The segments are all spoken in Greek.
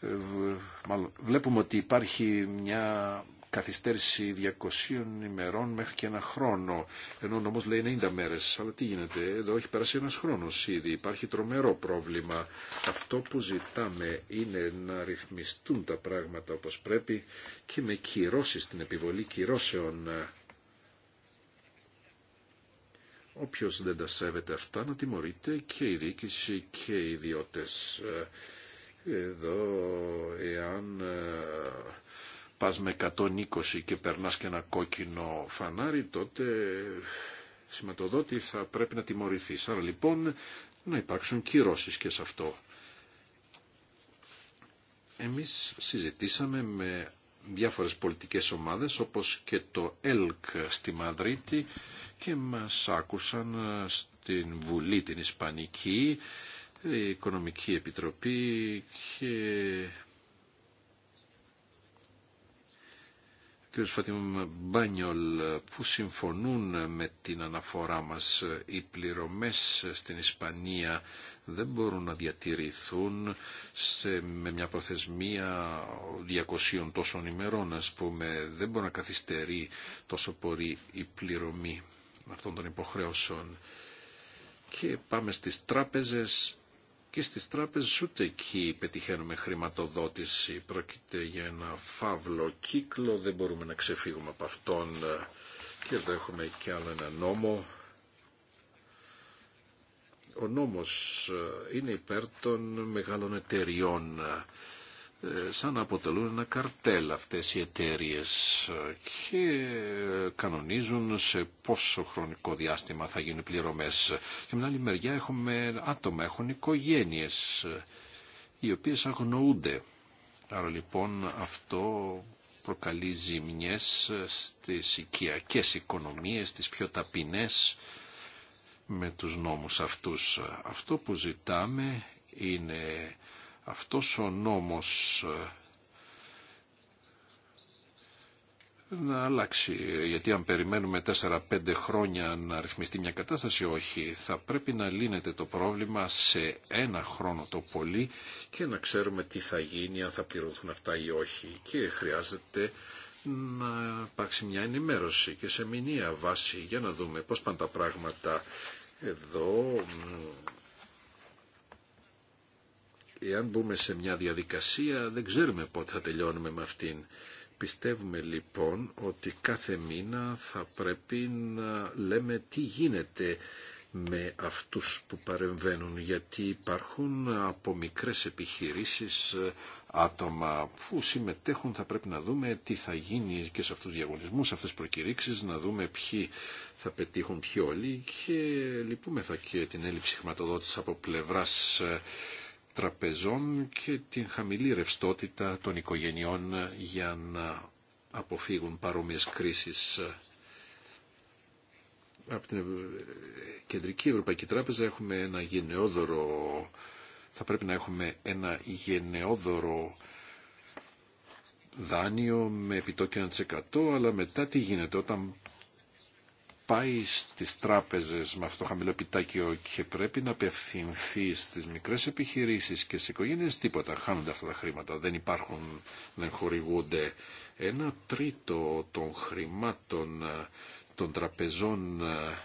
Ε, μάλλον, βλέπουμε ότι υπάρχει μια καθυστέρηση 200 ημερών μέχρι και ένα χρόνο. Ενώ ο νόμος λέει 90 μέρες. Αλλά τι γίνεται, εδώ έχει περάσει ένας χρόνος ήδη. Υπάρχει τρομερό πρόβλημα. Αυτό που ζητάμε είναι να ρυθμιστούν τα πράγματα όπως πρέπει και με κυρώσεις, την επιβολή κυρώσεων. Όποιος δεν τα σέβεται αυτά να τιμωρείται και η διοίκηση και οι ιδιώτες. Εδώ, εάν ε, πας με 120 και περνάς και ένα κόκκινο φανάρι, τότε σηματοδότη θα πρέπει να τιμωρηθείς. Άρα λοιπόν να υπάρξουν κυρώσεις και σε αυτό. Εμείς συζητήσαμε με διάφορες πολιτικές ομάδες όπως και το ΕΛΚ στη Μαδρίτη και μας άκουσαν στην Βουλή την Ισπανική η Οικονομική Επιτροπή και ο κ. Φατιμ Μπάνιολ που συμφωνούν με την αναφορά μας οι πληρωμές στην Ισπανία δεν μπορούν να διατηρηθούν σε, με μια προθεσμία 200 τόσων ημερών ας πούμε δεν μπορεί να καθυστερεί τόσο πολύ η πληρωμή αυτών των υποχρέωσεων και πάμε στις τράπεζες και στις τράπεζες ούτε εκεί πετυχαίνουμε χρηματοδότηση. Πρόκειται για ένα φαύλο κύκλο, δεν μπορούμε να ξεφύγουμε από αυτόν και εδώ έχουμε και άλλο ένα νόμο. Ο νόμος ε, είναι υπέρ των μεγάλων εταιριών ε, σαν να αποτελούν ένα καρτέλ αυτές οι εταιρείε ε, και κανονίζουν σε πόσο χρονικό διάστημα θα γίνουν πληρωμές. Και με άλλη μεριά έχουμε άτομα, έχουν οικογένειες ε, οι οποίες αγνοούνται. Άρα λοιπόν αυτό προκαλεί ζημιές στις οικιακές οικονομίες, στις πιο ταπεινές με τους νόμους αυτούς. Αυτό που ζητάμε είναι αυτός ο νόμος ε, να αλλάξει. Γιατί αν περιμένουμε 4-5 χρόνια να ρυθμιστεί μια κατάσταση, όχι. Θα πρέπει να λύνεται το πρόβλημα σε ένα χρόνο το πολύ και να ξέρουμε τι θα γίνει, αν θα πληρωθούν αυτά ή όχι. Και χρειάζεται να υπάρξει μια ενημέρωση και σε μηνύα βάση για να δούμε πώς πάνε τα πράγματα εδώ Εάν μπούμε σε μια διαδικασία δεν ξέρουμε πότε θα τελειώνουμε με αυτήν. Πιστεύουμε λοιπόν ότι κάθε μήνα θα πρέπει να λέμε τι γίνεται με αυτούς που παρεμβαίνουν γιατί υπάρχουν από μικρές επιχειρήσεις ε, άτομα που συμμετέχουν θα πρέπει να δούμε τι θα γίνει και σε αυτούς τους διαγωνισμούς, σε αυτές τις προκηρύξεις να δούμε ποιοι θα πετύχουν ποιοι όλοι και λυπούμεθα και την έλλειψη χρηματοδότηση από πλευράς ε, τραπεζών και την χαμηλή ρευστότητα των οικογενειών για να αποφύγουν παρόμοιες κρίσεις. Από την Κεντρική Ευρωπαϊκή Τράπεζα έχουμε ένα γενναιόδωρο, θα πρέπει να έχουμε ένα γενναιόδωρο δάνειο με επιτόκιο 1% αλλά μετά τι γίνεται όταν πάει στις τράπεζες με αυτό το χαμηλό πιτάκιο και πρέπει να απευθυνθεί στις μικρές επιχειρήσεις και στις οικογένειες, τίποτα, χάνονται αυτά τα χρήματα, δεν υπάρχουν, δεν χορηγούνται. Ένα τρίτο των χρημάτων ε, των τραπεζών ε,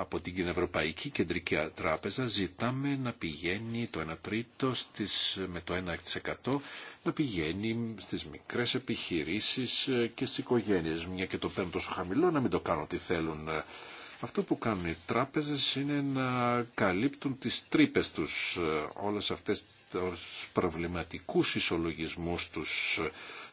από την Ευρωπαϊκή Κεντρική Τράπεζα ζητάμε να πηγαίνει το 1 τρίτο στις, με το 1% να πηγαίνει στις μικρές επιχειρήσεις και στις οικογένειες. Μια και το παίρνουν τόσο χαμηλό να μην το κάνουν ό,τι θέλουν. Αυτό που κάνουν οι τράπεζες είναι να καλύπτουν τις τρύπες τους, όλες αυτές τους προβληματικούς ισολογισμούς τους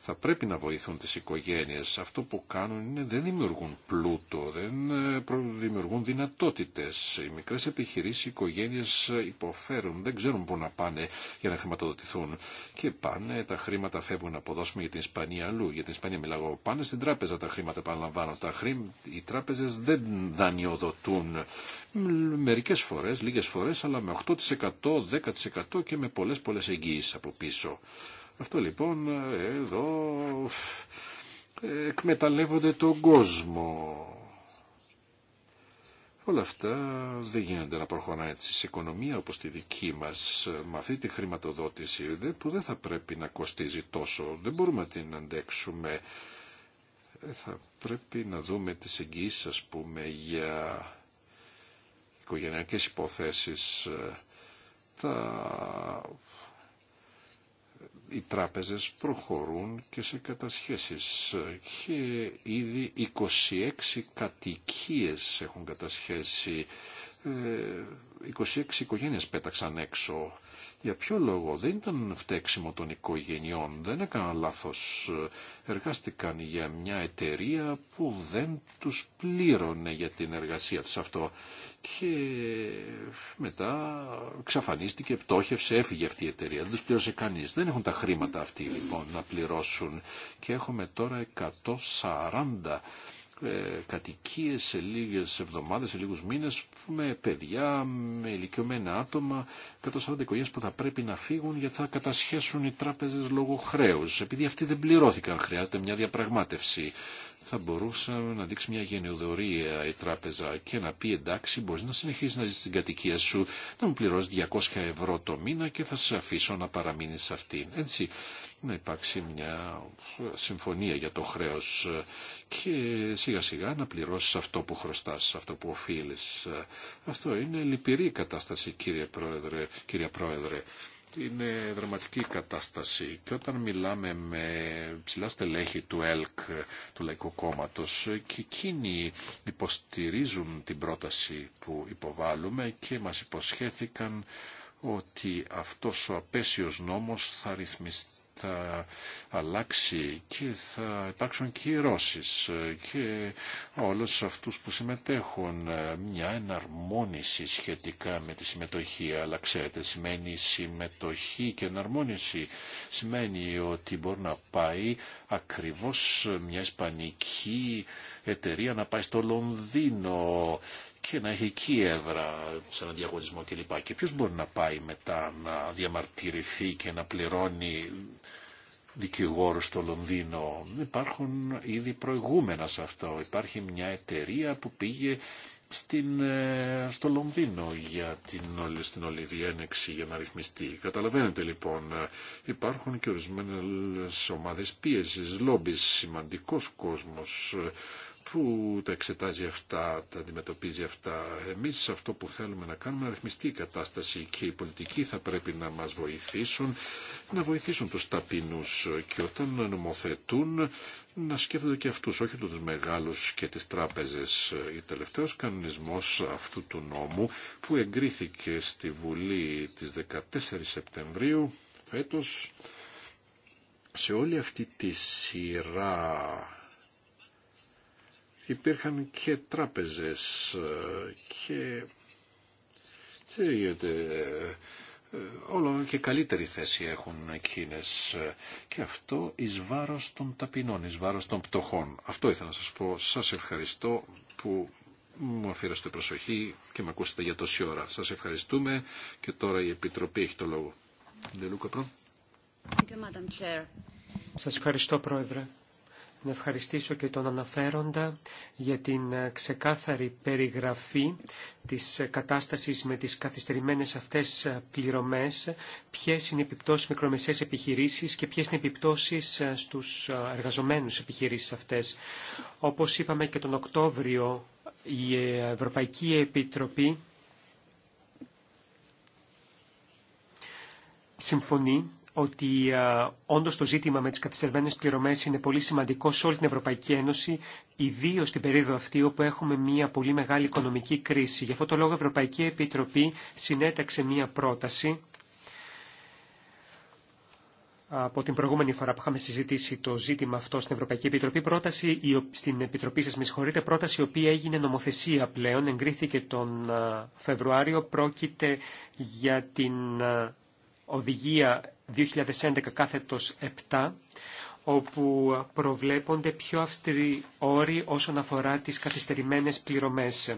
θα πρέπει να βοηθούν τις οικογένειες. Αυτό που κάνουν είναι δεν δημιουργούν πλούτο, δεν ε, δημιουργούν δυνατότητες. Οι μικρές επιχειρήσεις, οι οικογένειες ε, υποφέρουν, δεν ξέρουν πού να πάνε για να χρηματοδοτηθούν. Και πάνε, τα χρήματα φεύγουν να αποδώσουμε για την Ισπανία αλλού. Για την Ισπανία μιλάω, πάνε στην τράπεζα τα χρήματα παραλαμβάνω. Τα χρή... Οι τράπεζες δεν δανειοδοτούν. Μερικές φορές, λίγες φορές, αλλά με 8%, 10% και με πολλές πολλές εγγύησεις από πίσω. Αυτό λοιπόν ε, εδώ ε, εκμεταλλεύονται τον κόσμο. Όλα αυτά δεν γίνονται να προχωράει έτσι σε οικονομία όπως τη δική μας με αυτή τη χρηματοδότηση που δεν θα πρέπει να κοστίζει τόσο. Δεν μπορούμε να την αντέξουμε. Ε, θα πρέπει να δούμε τις εγγύσεις, ας πούμε για οικογενειακές υποθέσεις τα οι τράπεζες προχωρούν και σε κατασχέσεις και ήδη 26 κατοικίες έχουν κατασχέσει 26 ε, οικογένειες πέταξαν έξω. Για ποιο λόγο δεν ήταν φταίξιμο των οικογενειών, δεν έκαναν λάθος. Εργάστηκαν για μια εταιρεία που δεν τους πλήρωνε για την εργασία τους αυτό. Και μετά ξαφανίστηκε, πτώχευσε, έφυγε αυτή η εταιρεία. Δεν τους πλήρωσε κανείς. Δεν έχουν τα χρήματα αυτοί λοιπόν να πληρώσουν. Και έχουμε τώρα 140 ε, κατοικίες σε λίγες εβδομάδες, σε λίγους μήνες με παιδιά, με ηλικιωμένα άτομα 140 οικογένειες που θα πρέπει να φύγουν γιατί θα κατασχέσουν οι τράπεζες λόγω χρέους επειδή αυτοί δεν πληρώθηκαν χρειάζεται μια διαπραγμάτευση θα μπορούσε να δείξει μια γενεοδορία η τράπεζα και να πει εντάξει μπορείς να συνεχίσεις να ζεις στην κατοικία σου να μου πληρώσεις 200 ευρώ το μήνα και θα σε αφήσω να παραμείνεις αυτήν. Έτσι να υπάρξει μια συμφωνία για το χρέος ε, και σιγά σιγά να πληρώσεις αυτό που χρωστάς, αυτό που οφείλεις. Ε, αυτό είναι λυπηρή κατάσταση κύριε Πρόεδρε, Πρόεδρε. Είναι δραματική κατάσταση και όταν μιλάμε με ψηλά στελέχη του ΕΛΚ, του Λαϊκού Κόμματος, και εκείνοι υποστηρίζουν την πρόταση που υποβάλλουμε και μας υποσχέθηκαν ότι αυτός ο απέσιος νόμος θα ρυθμιστεί θα αλλάξει και θα υπάρξουν κυρώσει και όλους αυτούς που συμμετέχουν μια εναρμόνιση σχετικά με τη συμμετοχή αλλά ξέρετε σημαίνει συμμετοχή και εναρμόνιση σημαίνει ότι μπορεί να πάει ακριβώς μια ισπανική εταιρεία να πάει στο Λονδίνο και να έχει εκεί έδρα σε έναν διαγωνισμό κλπ. Και ποιος μπορεί να πάει μετά να διαμαρτυρηθεί και να πληρώνει δικηγόρο στο Λονδίνο. Υπάρχουν ήδη προηγούμενα σε αυτό. Υπάρχει μια εταιρεία που πήγε στην, ε, στο Λονδίνο για την, στην όλη διένεξη για να ρυθμιστεί. Καταλαβαίνετε λοιπόν, ε, υπάρχουν και ορισμένες ομάδες πίεσης, λόμπις, σημαντικός κόσμος ε, που τα εξετάζει αυτά, τα αντιμετωπίζει αυτά. Εμείς αυτό που θέλουμε να κάνουμε να ρυθμιστεί η κατάσταση και οι πολιτικοί θα πρέπει να μας βοηθήσουν, να βοηθήσουν τους ταπεινούς και όταν νομοθετούν να σκέφτονται και αυτούς, όχι τους μεγάλους και τις τράπεζες. Ο τελευταίος κανονισμός αυτού του νόμου που εγκρίθηκε στη Βουλή της 14 Σεπτεμβρίου φέτος σε όλη αυτή τη σειρά υπήρχαν και τράπεζες ε, και ε, όλο και καλύτερη θέση έχουν εκείνες και αυτό εις βάρος των ταπεινών, εις βάρος των πτωχών. Αυτό ήθελα να σας πω. Σας ευχαριστώ που μου αφήραστε προσοχή και με ακούσατε για τόση ώρα. Σας ευχαριστούμε και τώρα η Επιτροπή έχει το λόγο. Σας ευχαριστώ Πρόεδρε να ευχαριστήσω και τον αναφέροντα για την ε, ξεκάθαρη περιγραφή της ε, κατάστασης με τις καθυστερημένες αυτές ε, πληρωμές, ποιες είναι οι επιπτώσεις μικρομεσαίες επιχειρήσεις και ποιες είναι οι επιπτώσεις στους εργαζομένους επιχειρήσεις αυτές. Όπως είπαμε και τον Οκτώβριο, η Ευρωπαϊκή Επιτροπή συμφωνεί ότι ε, όντω το ζήτημα με τι καθυστερημένε πληρωμέ είναι πολύ σημαντικό σε όλη την Ευρωπαϊκή Ένωση, ιδίω στην περίοδο αυτή όπου έχουμε μια πολύ μεγάλη οικονομική κρίση. Γι' αυτό το λόγο η Ευρωπαϊκή Επιτροπή συνέταξε μια πρόταση από την προηγούμενη φορά που είχαμε συζητήσει το ζήτημα αυτό στην Ευρωπαϊκή Επιτροπή, πρόταση, στην Επιτροπή σας με συγχωρείτε, πρόταση η οποία έγινε νομοθεσία πλέον, εγκρίθηκε τον ε, Φεβρουάριο, πρόκειται για την ε, οδηγία 2011 κάθετος 7, όπου προβλέπονται πιο αυστηροί όροι όσον αφορά τις καθυστερημένες πληρωμές.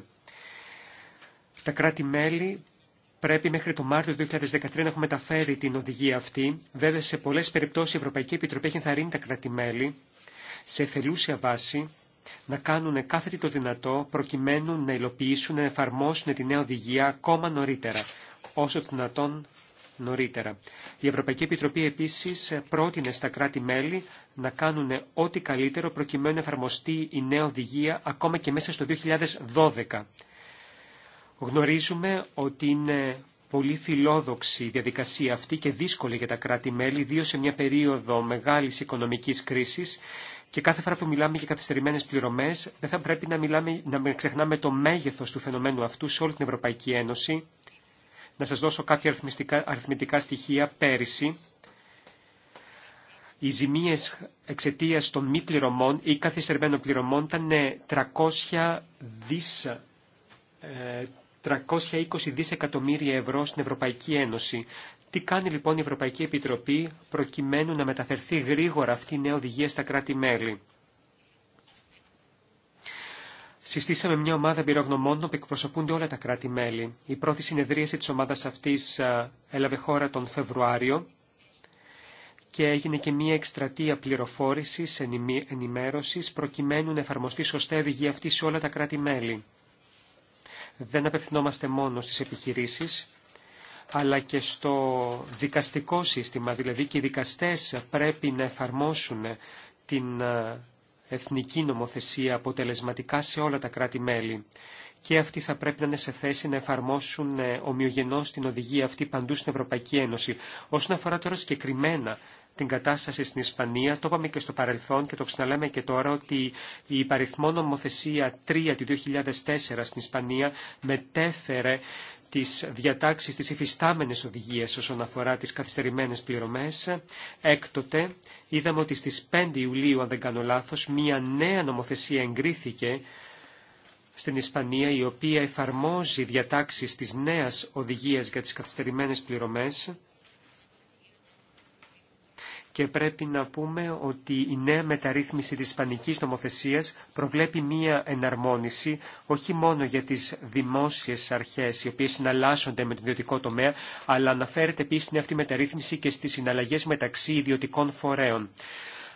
Τα κράτη-μέλη πρέπει μέχρι το Μάρτιο 2013 να έχουν μεταφέρει την οδηγία αυτή. Βέβαια, σε πολλές περιπτώσεις η Ευρωπαϊκή Επιτροπή έχει ενθαρρύνει τα κράτη-μέλη σε θελούσια βάση να κάνουν κάθε τι το δυνατό προκειμένου να υλοποιήσουν, να εφαρμόσουν τη νέα οδηγία ακόμα νωρίτερα, όσο δυνατόν νωρίτερα. Η Ευρωπαϊκή Επιτροπή επίσης πρότεινε στα κράτη-μέλη να κάνουν ό,τι καλύτερο προκειμένου να εφαρμοστεί η νέα οδηγία ακόμα και μέσα στο 2012. Γνωρίζουμε ότι είναι πολύ φιλόδοξη η διαδικασία αυτή και δύσκολη για τα κράτη-μέλη, ιδίω σε μια περίοδο μεγάλης οικονομικής κρίσης και κάθε φορά που μιλάμε για καθυστερημένες πληρωμές δεν θα πρέπει να, μιλάμε, να ξεχνάμε το μέγεθος του φαινομένου αυτού σε όλη την Ευρωπαϊκή Ένωση να σας δώσω κάποια αριθμητικά στοιχεία πέρυσι. Οι ζημίες εξαιτία των μη πληρωμών ή καθυστερημένων πληρωμών ήταν 320 ε, ε, δισεκατομμύρια ευρώ στην Ευρωπαϊκή Ένωση. Τι κάνει λοιπόν η Ευρωπαϊκή Επιτροπή προκειμένου να μεταφερθεί γρήγορα αυτή η νέα οδηγία στα κράτη-μέλη συστήσαμε μια ομάδα εμπειρογνωμόνων που εκπροσωπούνται όλα τα κράτη-μέλη. Η πρώτη συνεδρίαση της ομάδας αυτής έλαβε χώρα τον Φεβρουάριο και έγινε και μια εκστρατεία πληροφόρησης, ενημέρωσης, προκειμένου να εφαρμοστεί σωστά η οδηγία αυτή σε όλα τα κράτη-μέλη. Δεν απευθυνόμαστε μόνο στις επιχειρήσεις, αλλά και στο δικαστικό σύστημα, δηλαδή και οι δικαστές πρέπει να εφαρμόσουν την εθνική νομοθεσία αποτελεσματικά σε όλα τα κράτη-μέλη. Και αυτοί θα πρέπει να είναι σε θέση να εφαρμόσουν ε, ομοιογενώς την οδηγία αυτή παντού στην Ευρωπαϊκή Ένωση. Όσον αφορά τώρα συγκεκριμένα την κατάσταση στην Ισπανία. Το είπαμε και στο παρελθόν και το ξαναλέμε και τώρα ότι η υπαριθμό νομοθεσία 3 του 2004 στην Ισπανία μετέφερε τις διατάξεις της υφιστάμενης οδηγίας όσον αφορά τις καθυστερημένες πληρωμές. Έκτοτε είδαμε ότι στις 5 Ιουλίου, αν δεν κάνω λάθος, μία νέα νομοθεσία εγκρίθηκε στην Ισπανία, η οποία εφαρμόζει διατάξεις της νέας οδηγίας για τις καθυστερημένες πληρωμές και πρέπει να πούμε ότι η νέα μεταρρύθμιση της ισπανικής νομοθεσίας προβλέπει μία εναρμόνιση όχι μόνο για τις δημόσιες αρχές οι οποίες συναλλάσσονται με τον ιδιωτικό τομέα αλλά αναφέρεται επίσης αυτή μεταρρύθμιση και στις συναλλαγές μεταξύ ιδιωτικών φορέων.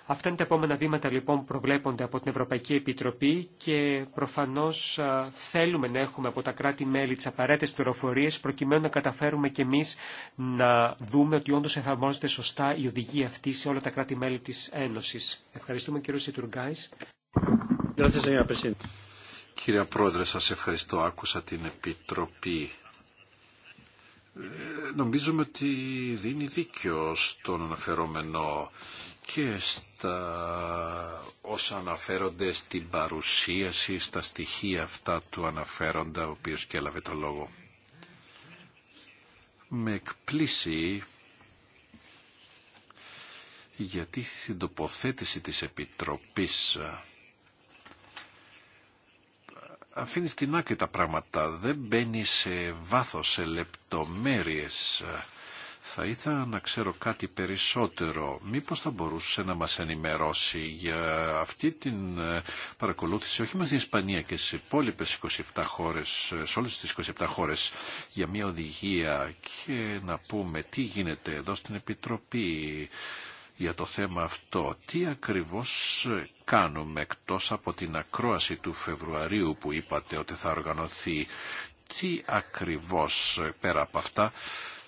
Αυτά είναι τα επόμενα βήματα λοιπόν που προβλέπονται από την Ευρωπαϊκή Επιτροπή και προφανώς θέλουμε να έχουμε από τα κράτη-μέλη τις απαραίτητες πληροφορίες προκειμένου να καταφέρουμε και εμείς να δούμε ότι όντως εφαρμόζεται σωστά η οδηγία αυτή σε όλα τα κράτη-μέλη της Ένωσης. Ευχαριστούμε κύριο Σιτουργκάης. Κύριε Πρόεδρε, σας ευχαριστώ. Άκουσα την Επιτροπή. Ε, νομίζουμε ότι δίνει δίκιο στον αναφερόμενο και στα όσα αναφέρονται στην παρουσίαση, στα στοιχεία αυτά του αναφέροντα, ο οποίος και έλαβε το λόγο. Με εκπλήσει γιατί στην τοποθέτηση της Επιτροπής ε, αφήνει στην άκρη τα πράγματα, δεν μπαίνει σε βάθος, σε λεπτομέρειες. Ε, θα ήθελα να ξέρω κάτι περισσότερο. Μήπως θα μπορούσε να μας ενημερώσει για αυτή την ε, παρακολούθηση, όχι μόνο στην Ισπανία και σε υπόλοιπες 27 χώρες, ε, σε όλες τις 27 χώρες, για μια οδηγία και να πούμε τι γίνεται εδώ στην Επιτροπή για το θέμα αυτό. Τι ακριβώς ε, κάνουμε εκτός από την ακρόαση του Φεβρουαρίου που είπατε ότι θα οργανωθεί. Τι ακριβώς πέρα από αυτά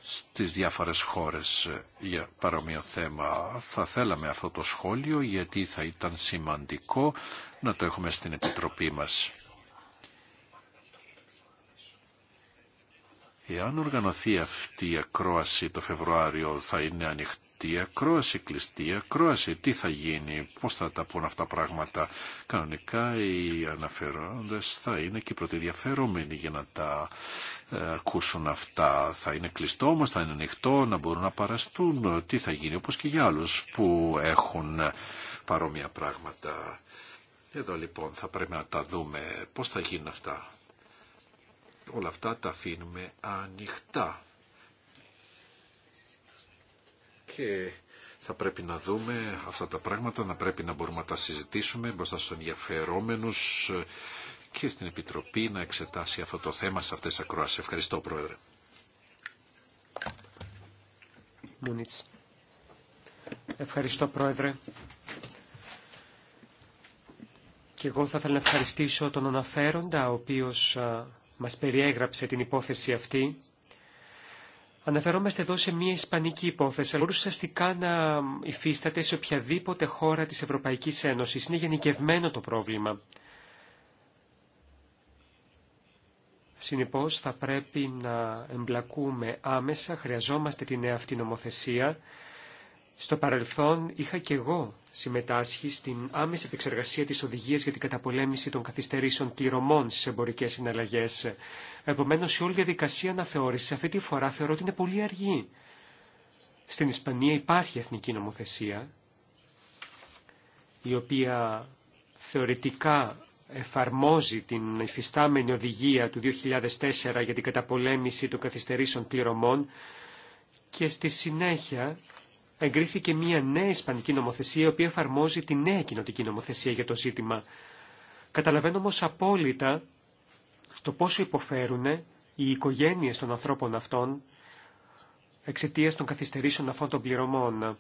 στις διάφορες χώρες για παρόμοιο θέμα. Θα θέλαμε αυτό το σχόλιο γιατί θα ήταν σημαντικό να το έχουμε στην Επιτροπή μας. Εάν οργανωθεί αυτή η ακρόαση το Φεβρουάριο θα είναι ανοιχτή κλειστή ακρόαση, κλειστή ακρόαση. Τι θα γίνει, πώς θα τα πούν αυτά πράγματα. Κανονικά οι αναφερόντες θα είναι και οι για να τα ε, ακούσουν αυτά. Θα είναι κλειστό όμως, θα είναι ανοιχτό, να μπορούν να παραστούν. Τι θα γίνει, όπως και για άλλου που έχουν ε, παρόμοια πράγματα. Εδώ λοιπόν θα πρέπει να τα δούμε πώς θα γίνουν αυτά. Όλα αυτά τα αφήνουμε ανοιχτά. και θα πρέπει να δούμε αυτά τα πράγματα, να πρέπει να μπορούμε να τα συζητήσουμε μπροστά στους ενδιαφερόμενους και στην Επιτροπή να εξετάσει αυτό το θέμα σε αυτές τις ακροάσεις. Ευχαριστώ, Πρόεδρε. Μουνίτς. Ευχαριστώ, Πρόεδρε. Και εγώ θα ήθελα να ευχαριστήσω τον αναφέροντα, ο οποίος μας περιέγραψε την υπόθεση αυτή Αναφερόμαστε εδώ σε μια ισπανική υπόθεση, αλλά μπορούσε αστικά να υφίσταται σε οποιαδήποτε χώρα της Ευρωπαϊκής Ένωσης. Είναι γενικευμένο το πρόβλημα. Συνεπώς θα πρέπει να εμπλακούμε άμεσα, χρειαζόμαστε τη νέα αυτή νομοθεσία στο παρελθόν είχα και εγώ συμμετάσχει στην άμεση επεξεργασία της οδηγίας για την καταπολέμηση των καθυστερήσεων πληρωμών στις εμπορικές συναλλαγές. Επομένως, η όλη διαδικασία αναθεώρησης αυτή τη φορά θεωρώ ότι είναι πολύ αργή. Στην Ισπανία υπάρχει εθνική νομοθεσία, η οποία θεωρητικά εφαρμόζει την υφιστάμενη οδηγία του 2004 για την καταπολέμηση των καθυστερήσεων πληρωμών και στη συνέχεια εγκρίθηκε μια νέα ισπανική νομοθεσία η οποία εφαρμόζει τη νέα κοινοτική νομοθεσία για το ζήτημα. Καταλαβαίνω όμω απόλυτα το πόσο υποφέρουν οι οικογένειες των ανθρώπων αυτών εξαιτία των καθυστερήσεων αυτών των πληρωμών.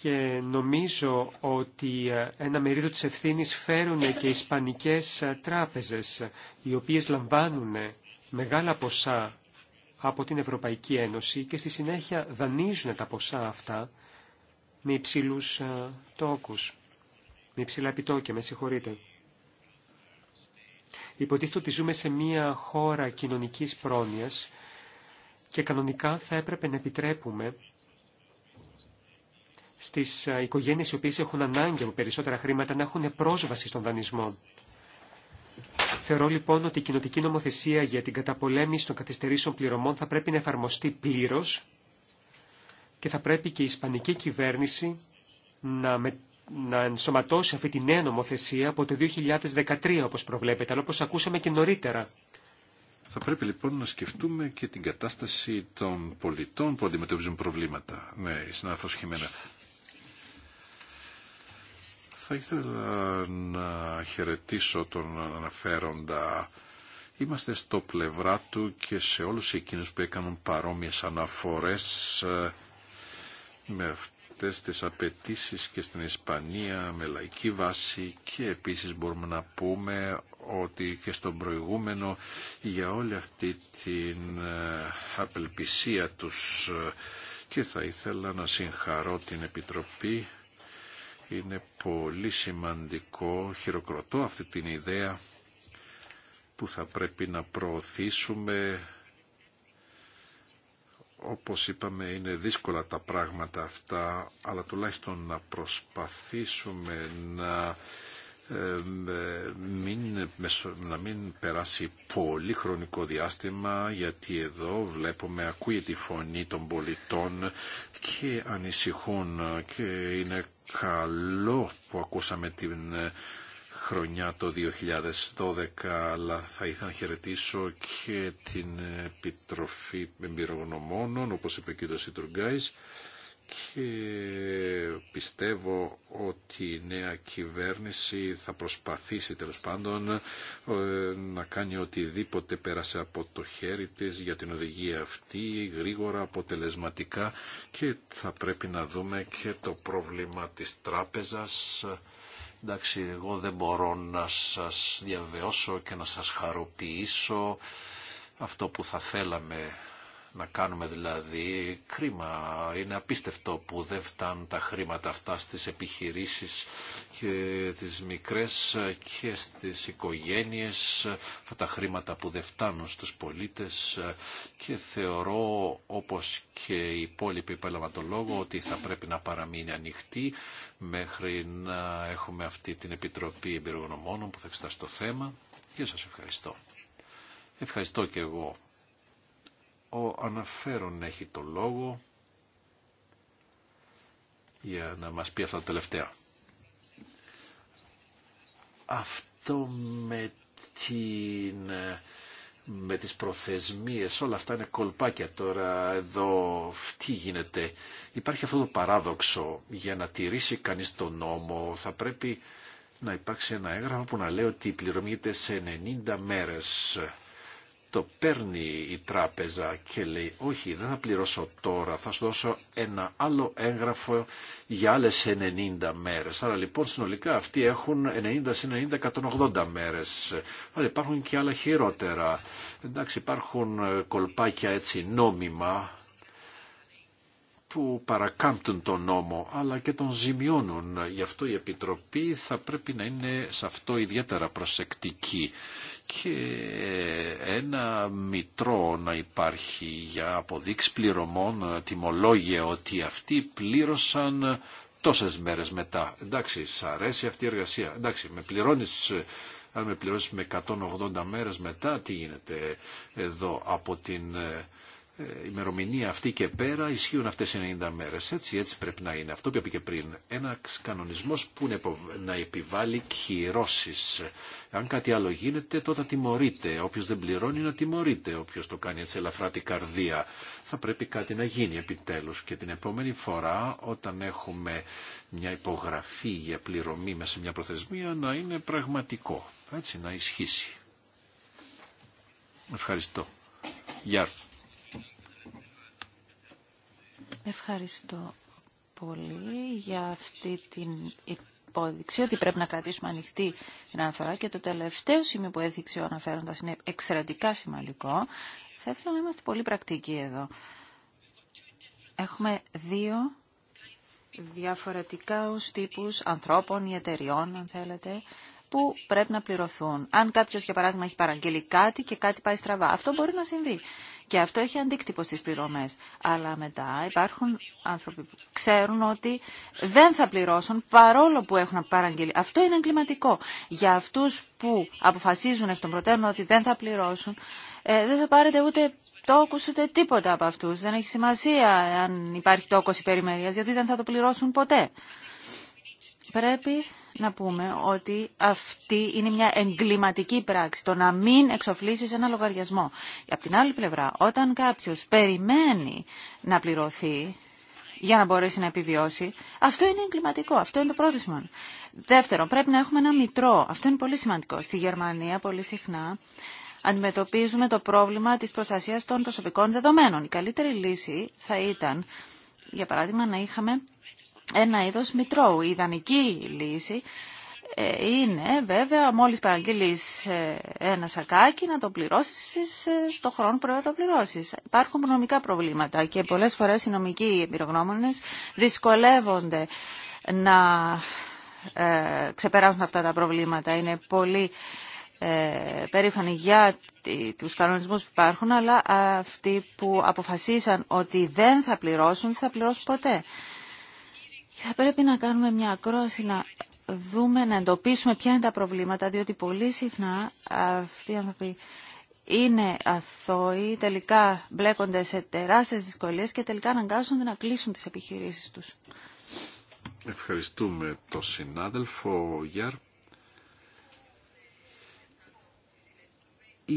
Και νομίζω ότι ε, ένα μερίδιο της ευθύνης φέρουν και οι ισπανικές ε, τράπεζες, οι οποίες λαμβάνουν μεγάλα ποσά από την Ευρωπαϊκή Ένωση και στη συνέχεια δανείζουν τα ποσά αυτά με υψηλούς ε, τόκους, με υψηλά επιτόκια, με συγχωρείτε. Υποτίθεται ότι ζούμε σε μια χώρα κοινωνικής πρόνοιας και κανονικά θα έπρεπε να επιτρέπουμε στις ε, οικογένειες οι οποίες έχουν ανάγκη από περισσότερα χρήματα να έχουν πρόσβαση στον δανεισμό. Θεωρώ λοιπόν ότι η κοινοτική νομοθεσία για την καταπολέμηση των καθυστερήσεων πληρωμών θα πρέπει να εφαρμοστεί πλήρω και θα πρέπει και η Ισπανική κυβέρνηση να, να ενσωματώσει αυτή τη νέα νομοθεσία από το 2013 όπως προβλέπεται, αλλά όπως ακούσαμε και νωρίτερα. Θα πρέπει λοιπόν να σκεφτούμε και την κατάσταση των πολιτών που αντιμετωπίζουν προβλήματα. με συνάφο Χιμένεθ. Θα ήθελα να χαιρετήσω τον αναφέροντα. Είμαστε στο πλευρά του και σε όλους εκείνους που έκαναν παρόμοιες αναφορές ε, με αυτές τις απαιτήσει και στην Ισπανία με λαϊκή βάση και επίσης μπορούμε να πούμε ότι και στον προηγούμενο για όλη αυτή την ε, απελπισία τους ε, και θα ήθελα να συγχαρώ την Επιτροπή είναι πολύ σημαντικό, χειροκροτώ αυτή την ιδέα που θα πρέπει να προωθήσουμε. Όπως είπαμε είναι δύσκολα τα πράγματα αυτά, αλλά τουλάχιστον να προσπαθήσουμε να ε, μην, να μην περάσει πολύ χρονικό διάστημα γιατί εδώ βλέπουμε ακούει τη φωνή των πολιτών και ανησυχούν και είναι καλό που ακούσαμε την ε, χρονιά το 2012, αλλά θα ήθελα να χαιρετήσω και την Επιτροφή Εμπειρογνωμόνων, όπως είπε και ο Σιτουργκάης, και πιστεύω ότι η νέα κυβέρνηση θα προσπαθήσει τέλος πάντων ε, να κάνει οτιδήποτε πέρασε από το χέρι της για την οδηγία αυτή γρήγορα, αποτελεσματικά και θα πρέπει να δούμε και το πρόβλημα της τράπεζας εντάξει εγώ δεν μπορώ να σας διαβεώσω και να σας χαροποιήσω αυτό που θα θέλαμε να κάνουμε δηλαδή. Κρίμα, είναι απίστευτο που δεν φτάνουν τα χρήματα αυτά στις επιχειρήσεις και τις μικρές και στις οικογένειες, αυτά τα χρήματα που δεν φτάνουν στους πολίτες και θεωρώ όπως και οι υπόλοιποι λόγο ότι θα πρέπει να παραμείνει ανοιχτή μέχρι να έχουμε αυτή την Επιτροπή Εμπειρογνωμόνων που θα εξετάσει το θέμα και σας ευχαριστώ. Ευχαριστώ και εγώ ο αναφέρον έχει το λόγο για να μας πει αυτά τα τελευταία. Αυτό με, την, με τις προθεσμίες, όλα αυτά είναι κολπάκια τώρα εδώ, τι γίνεται. Υπάρχει αυτό το παράδοξο, για να τηρήσει κανείς τον νόμο θα πρέπει να υπάρξει ένα έγγραφο που να λέει ότι πληρωμείται σε 90 μέρες το παίρνει η τράπεζα και λέει όχι δεν θα πληρώσω τώρα, θα σου δώσω ένα άλλο έγγραφο για άλλες 90 μέρες. Άρα λοιπόν συνολικά αυτοί έχουν 90 90 180 μέρες. Άρα υπάρχουν και άλλα χειρότερα. Εντάξει υπάρχουν κολπάκια έτσι νόμιμα που παρακάμπτουν τον νόμο αλλά και τον ζημιώνουν. Γι' αυτό η Επιτροπή θα πρέπει να είναι σε αυτό ιδιαίτερα προσεκτική και ένα μητρό να υπάρχει για αποδείξει πληρωμών τιμολόγια ότι αυτοί πλήρωσαν τόσες μέρες μετά. Εντάξει, σ' αρέσει αυτή η εργασία. Εντάξει, με πληρώνεις αν με πληρώσεις με 180 μέρες μετά, τι γίνεται εδώ από την ε, η ε, ημερομηνία αυτή και πέρα ισχύουν αυτές οι 90 μέρες. Έτσι, έτσι πρέπει να είναι. Αυτό που είπε και πριν. Ένα κανονισμός που να επιβάλλει κυρώσεις. Αν κάτι άλλο γίνεται, τότε τιμωρείται. Όποιος δεν πληρώνει, να τιμωρείται. Όποιος το κάνει έτσι ελαφρά την καρδία. Θα πρέπει κάτι να γίνει επιτέλους. Και την επόμενη φορά, όταν έχουμε μια υπογραφή για πληρωμή μέσα σε μια προθεσμία, να είναι πραγματικό. Έτσι, να ισχύσει. Ευχαριστώ. Γεια. Ευχαριστώ πολύ για αυτή την υπόδειξη ότι πρέπει να κρατήσουμε ανοιχτή την αναφορά και το τελευταίο σημείο που έδειξε ο αναφέροντας είναι εξαιρετικά σημαντικό. Θα ήθελα να είμαστε πολύ πρακτικοί εδώ. Έχουμε δύο διαφορετικά ως τύπους ανθρώπων ή εταιριών, αν θέλετε, που πρέπει να πληρωθούν. Αν κάποιο, για παράδειγμα, έχει παραγγείλει κάτι και κάτι πάει στραβά, αυτό μπορεί να συμβεί. Και αυτό έχει αντίκτυπο στις πληρωμές. Αλλά μετά υπάρχουν άνθρωποι που ξέρουν ότι δεν θα πληρώσουν παρόλο που έχουν παραγγείλει. Αυτό είναι εγκληματικό. Για αυτούς που αποφασίζουν εκ των προτέρων ότι δεν θα πληρώσουν, ε, δεν θα πάρετε ούτε τόκους ούτε τίποτα από αυτούς. Δεν έχει σημασία αν υπάρχει τόκος υπερημερίας, γιατί δεν θα το πληρώσουν ποτέ. Πρέπει να πούμε ότι αυτή είναι μια εγκληματική πράξη, το να μην εξοφλήσει ένα λογαριασμό. Από την άλλη πλευρά, όταν κάποιο περιμένει να πληρωθεί για να μπορέσει να επιβιώσει. Αυτό είναι εγκληματικό. Αυτό είναι το πρώτο σημαντικό. Δεύτερον, πρέπει να έχουμε ένα μητρό. Αυτό είναι πολύ σημαντικό. Στη Γερμανία πολύ συχνά αντιμετωπίζουμε το πρόβλημα της προστασίας των προσωπικών δεδομένων. Η καλύτερη λύση θα ήταν, για παράδειγμα, να είχαμε ένα είδος μητρώου. Η ιδανική λύση ε, είναι βέβαια μόλις παραγγείλεις ε, ένα σακάκι να το πληρώσεις ε, στο χρόνο που πρέπει να το πληρώσεις. Υπάρχουν νομικά προβλήματα και πολλές φορές οι νομικοί εμπειρογνώμονες δυσκολεύονται να ξεπεράσουν αυτά τα προβλήματα. Είναι πολύ ε, περήφανοι για τους κανονισμούς που υπάρχουν, αλλά αυτοί που αποφασίσαν ότι δεν θα πληρώσουν, θα πληρώσουν ποτέ. Θα πρέπει να κάνουμε μια ακρόαση, να δούμε, να εντοπίσουμε ποια είναι τα προβλήματα, διότι πολύ συχνά αυτοί οι άνθρωποι είναι αθώοι, τελικά μπλέκονται σε τεράστιες δυσκολίες και τελικά αναγκάζονται να κλείσουν τις επιχειρήσεις τους. Ευχαριστούμε τον συνάδελφο Γιάρπ.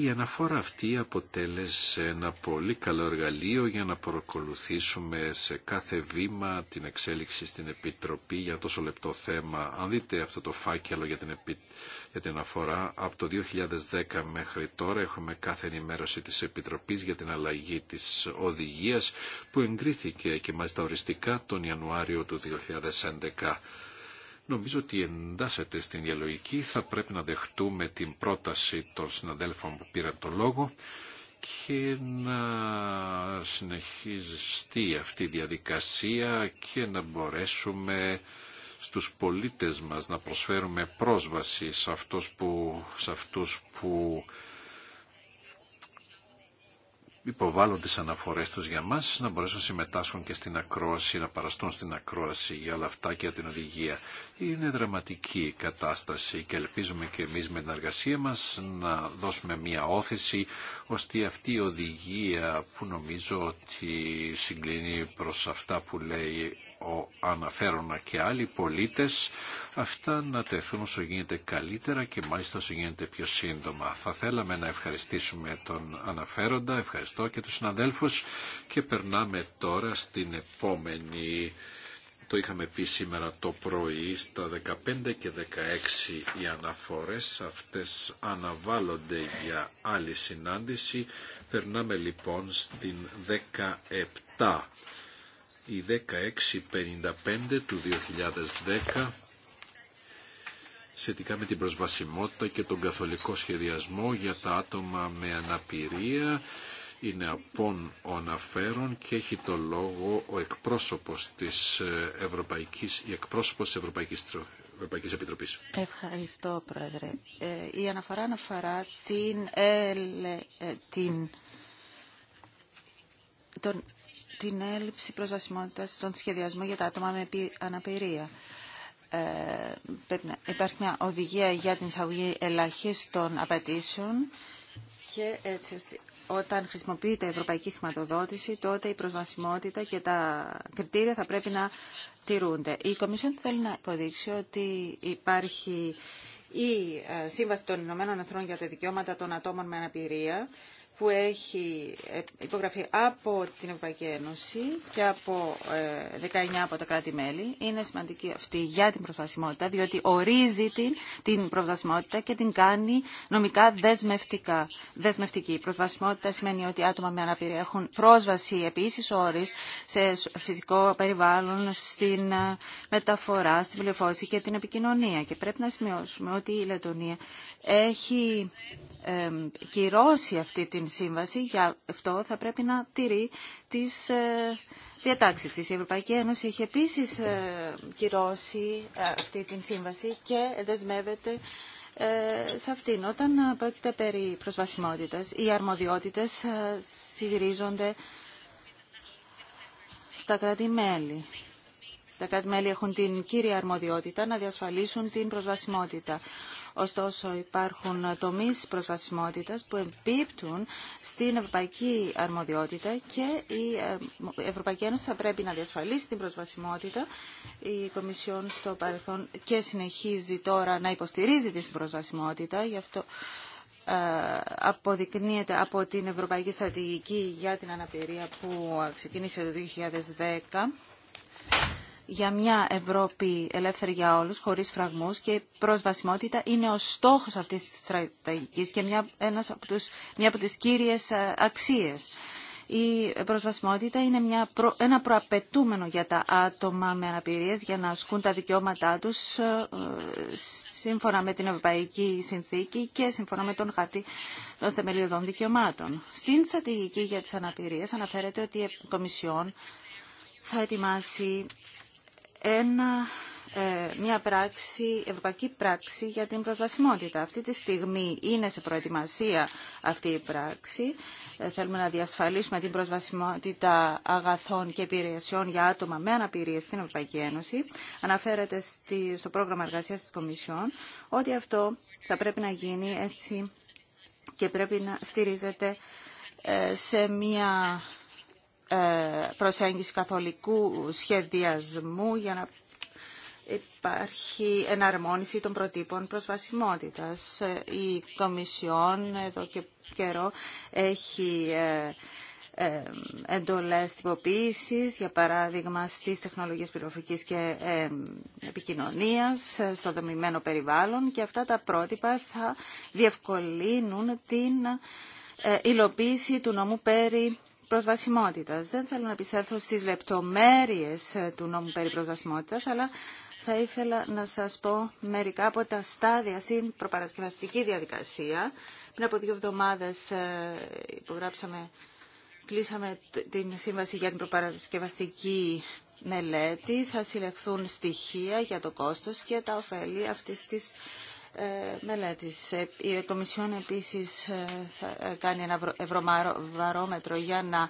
Η αναφορά αυτή αποτέλεσε ένα πολύ καλό εργαλείο για να προκολουθήσουμε σε κάθε βήμα την εξέλιξη στην Επιτροπή για τόσο λεπτό θέμα. Αν δείτε αυτό το φάκελο για την, επι... για την αναφορά, από το 2010 μέχρι τώρα έχουμε κάθε ενημέρωση της Επιτροπής για την αλλαγή της οδηγίας που εγκρίθηκε και μάλιστα οριστικά τον Ιανουάριο του 2011. Νομίζω ότι εντάσσεται στην διαλογική. Θα πρέπει να δεχτούμε την πρόταση των συναδέλφων που πήραν το λόγο και να συνεχιστεί αυτή η διαδικασία και να μπορέσουμε στους πολίτες μας να προσφέρουμε πρόσβαση σε αυτούς που, σε αυτούς που Υποβάλλονται τις αναφορές τους για μας, να μπορέσουν να συμμετάσχουν και στην ακρόαση, να παραστούν στην ακρόαση για όλα αυτά και για την οδηγία. Είναι δραματική η κατάσταση και ελπίζουμε και εμεί με την εργασία μας να δώσουμε μια όθηση ώστε αυτή η οδηγία που νομίζω ότι συγκλίνει προς αυτά που λέει ο αναφέρονα και άλλοι πολίτες αυτά να τεθούν όσο γίνεται καλύτερα και μάλιστα όσο γίνεται πιο σύντομα. Θα θέλαμε να ευχαριστήσουμε τον αναφέροντα, ευχαριστώ και τους συναδέλφους και περνάμε τώρα στην επόμενη το είχαμε πει σήμερα το πρωί, στα 15 και 16 οι αναφορές αυτές αναβάλλονται για άλλη συνάντηση. Περνάμε λοιπόν στην 17 η 1655 του 2010 σχετικά με την προσβασιμότητα και τον καθολικό σχεδιασμό για τα άτομα με αναπηρία είναι απόν ο αναφέρον και έχει το λόγο ο εκπρόσωπος της Ευρωπαϊκής, η εκπρόσωπος Ευρωπαϊκής Επιτροπής. Ευχαριστώ, Πρόεδρε. Ε, η αναφορά αναφορά την, ε, ε, την, τον την έλλειψη προσβασιμότητας στον σχεδιασμό για τα άτομα με αναπηρία. Ε, υπάρχει μια οδηγία για την εισαγωγή ελαχίστων απαιτήσεων και έτσι όταν χρησιμοποιείται η ευρωπαϊκή χρηματοδότηση, τότε η προσβασιμότητα και τα κριτήρια θα πρέπει να τηρούνται. Η Κομισιόν θέλει να υποδείξει ότι υπάρχει η ε, Σύμβαση των Ηνωμένων Εθνών για τα Δικαιώματα των Ατόμων με Αναπηρία, που έχει ε, υπογραφεί από την Ευρωπαϊκή Ένωση και από 19 ε, από τα κράτη-μέλη. Είναι σημαντική αυτή για την προσβασιμότητα, διότι ορίζει την, την προσβασιμότητα και την κάνει νομικά δεσμευτικά. δεσμευτική. Η προσβασιμότητα σημαίνει ότι άτομα με αναπηρία έχουν πρόσβαση επίση όρη σε φυσικό περιβάλλον, στην ε, μεταφορά, στην πληροφόρηση και την επικοινωνία. Και πρέπει να σημειώσουμε ότι η Λετωνία έχει κυρώσει αυτή την σύμβαση, για αυτό θα πρέπει να τηρεί τις ε, διατάξεις της. Η Ευρωπαϊκή Ένωση έχει επίσης ε, κυρώσει ε, αυτή την σύμβαση και δεσμεύεται σε αυτήν. Όταν πρόκειται περί προσβασιμότητας, οι αρμοδιότητες συγκρίζονται στα κράτη-μέλη. Τα κράτη-μέλη έχουν την κύρια αρμοδιότητα να διασφαλίσουν την προσβασιμότητα. Ωστόσο υπάρχουν τομείς προσβασιμότητας που εμπίπτουν στην ευρωπαϊκή αρμοδιότητα και ε, η Ευρωπαϊκή Ένωση θα πρέπει να διασφαλίσει την προσβασιμότητα. Η Κομισιόν στο παρελθόν και συνεχίζει τώρα να υποστηρίζει την προσβασιμότητα. Γι' αυτό ε, αποδεικνύεται από την Ευρωπαϊκή Στρατηγική για την Αναπηρία που ξεκίνησε το 2010 για μια Ευρώπη ελεύθερη για όλους, χωρίς φραγμούς και η προσβασιμότητα είναι ο στόχος αυτής της στρατηγικής και μια, ένας από τους, μια από τις κύριες ε, αξίες. Η προσβασιμότητα είναι μια ένα προαπαιτούμενο για τα άτομα με αναπηρίες για να ασκούν τα δικαιώματά τους ε, σύμφωνα με την Ευρωπαϊκή Συνθήκη και σύμφωνα με τον χαρτί των θεμελιωδών δικαιωμάτων. Στην στρατηγική για τις αναπηρίες αναφέρεται ότι η Κομισιόν θα ετοιμάσει ένα ε, μια πράξη, ευρωπαϊκή πράξη για την προσβασιμότητα. Αυτή τη στιγμή είναι σε προετοιμασία αυτή η πράξη. Ε, θέλουμε να διασφαλίσουμε την προσβασιμότητα αγαθών και υπηρεσιών για άτομα με αναπηρία στην Ευρωπαϊκή Ένωση. Αναφέρεται στο πρόγραμμα εργασίας της Κομισιόν ότι αυτό θα πρέπει να γίνει έτσι και πρέπει να στηρίζεται ε, σε μια ε, προσέγγιση καθολικού σχεδιασμού για να υπάρχει εναρμόνιση των προτύπων προσβασιμότητας. Ε, η Κομισιόν εδώ και καιρό έχει ε, εντολές τυποποίησης, για παράδειγμα στις τεχνολογίες πληροφορικής και επικοινωνίας, στο δομημένο περιβάλλον και αυτά τα πρότυπα θα διευκολύνουν την υλοποίηση του νομού περί προσβασιμότητας. Δεν θέλω να επισέλθω στις λεπτομέρειες ε, του νόμου περί προσβασιμότητας, αλλά θα ήθελα να σας πω μερικά από τα στάδια στην προπαρασκευαστική διαδικασία. Πριν από δύο εβδομάδες ε, υπογράψαμε, κλείσαμε την σύμβαση για την προπαρασκευαστική μελέτη. Θα συλλεχθούν στοιχεία για το κόστος και τα ωφέλη αυτής της ε, μελέτης. Ε, η Κομισιόν επίσης ε, θα κάνει ένα ευρωβαρόμετρο για να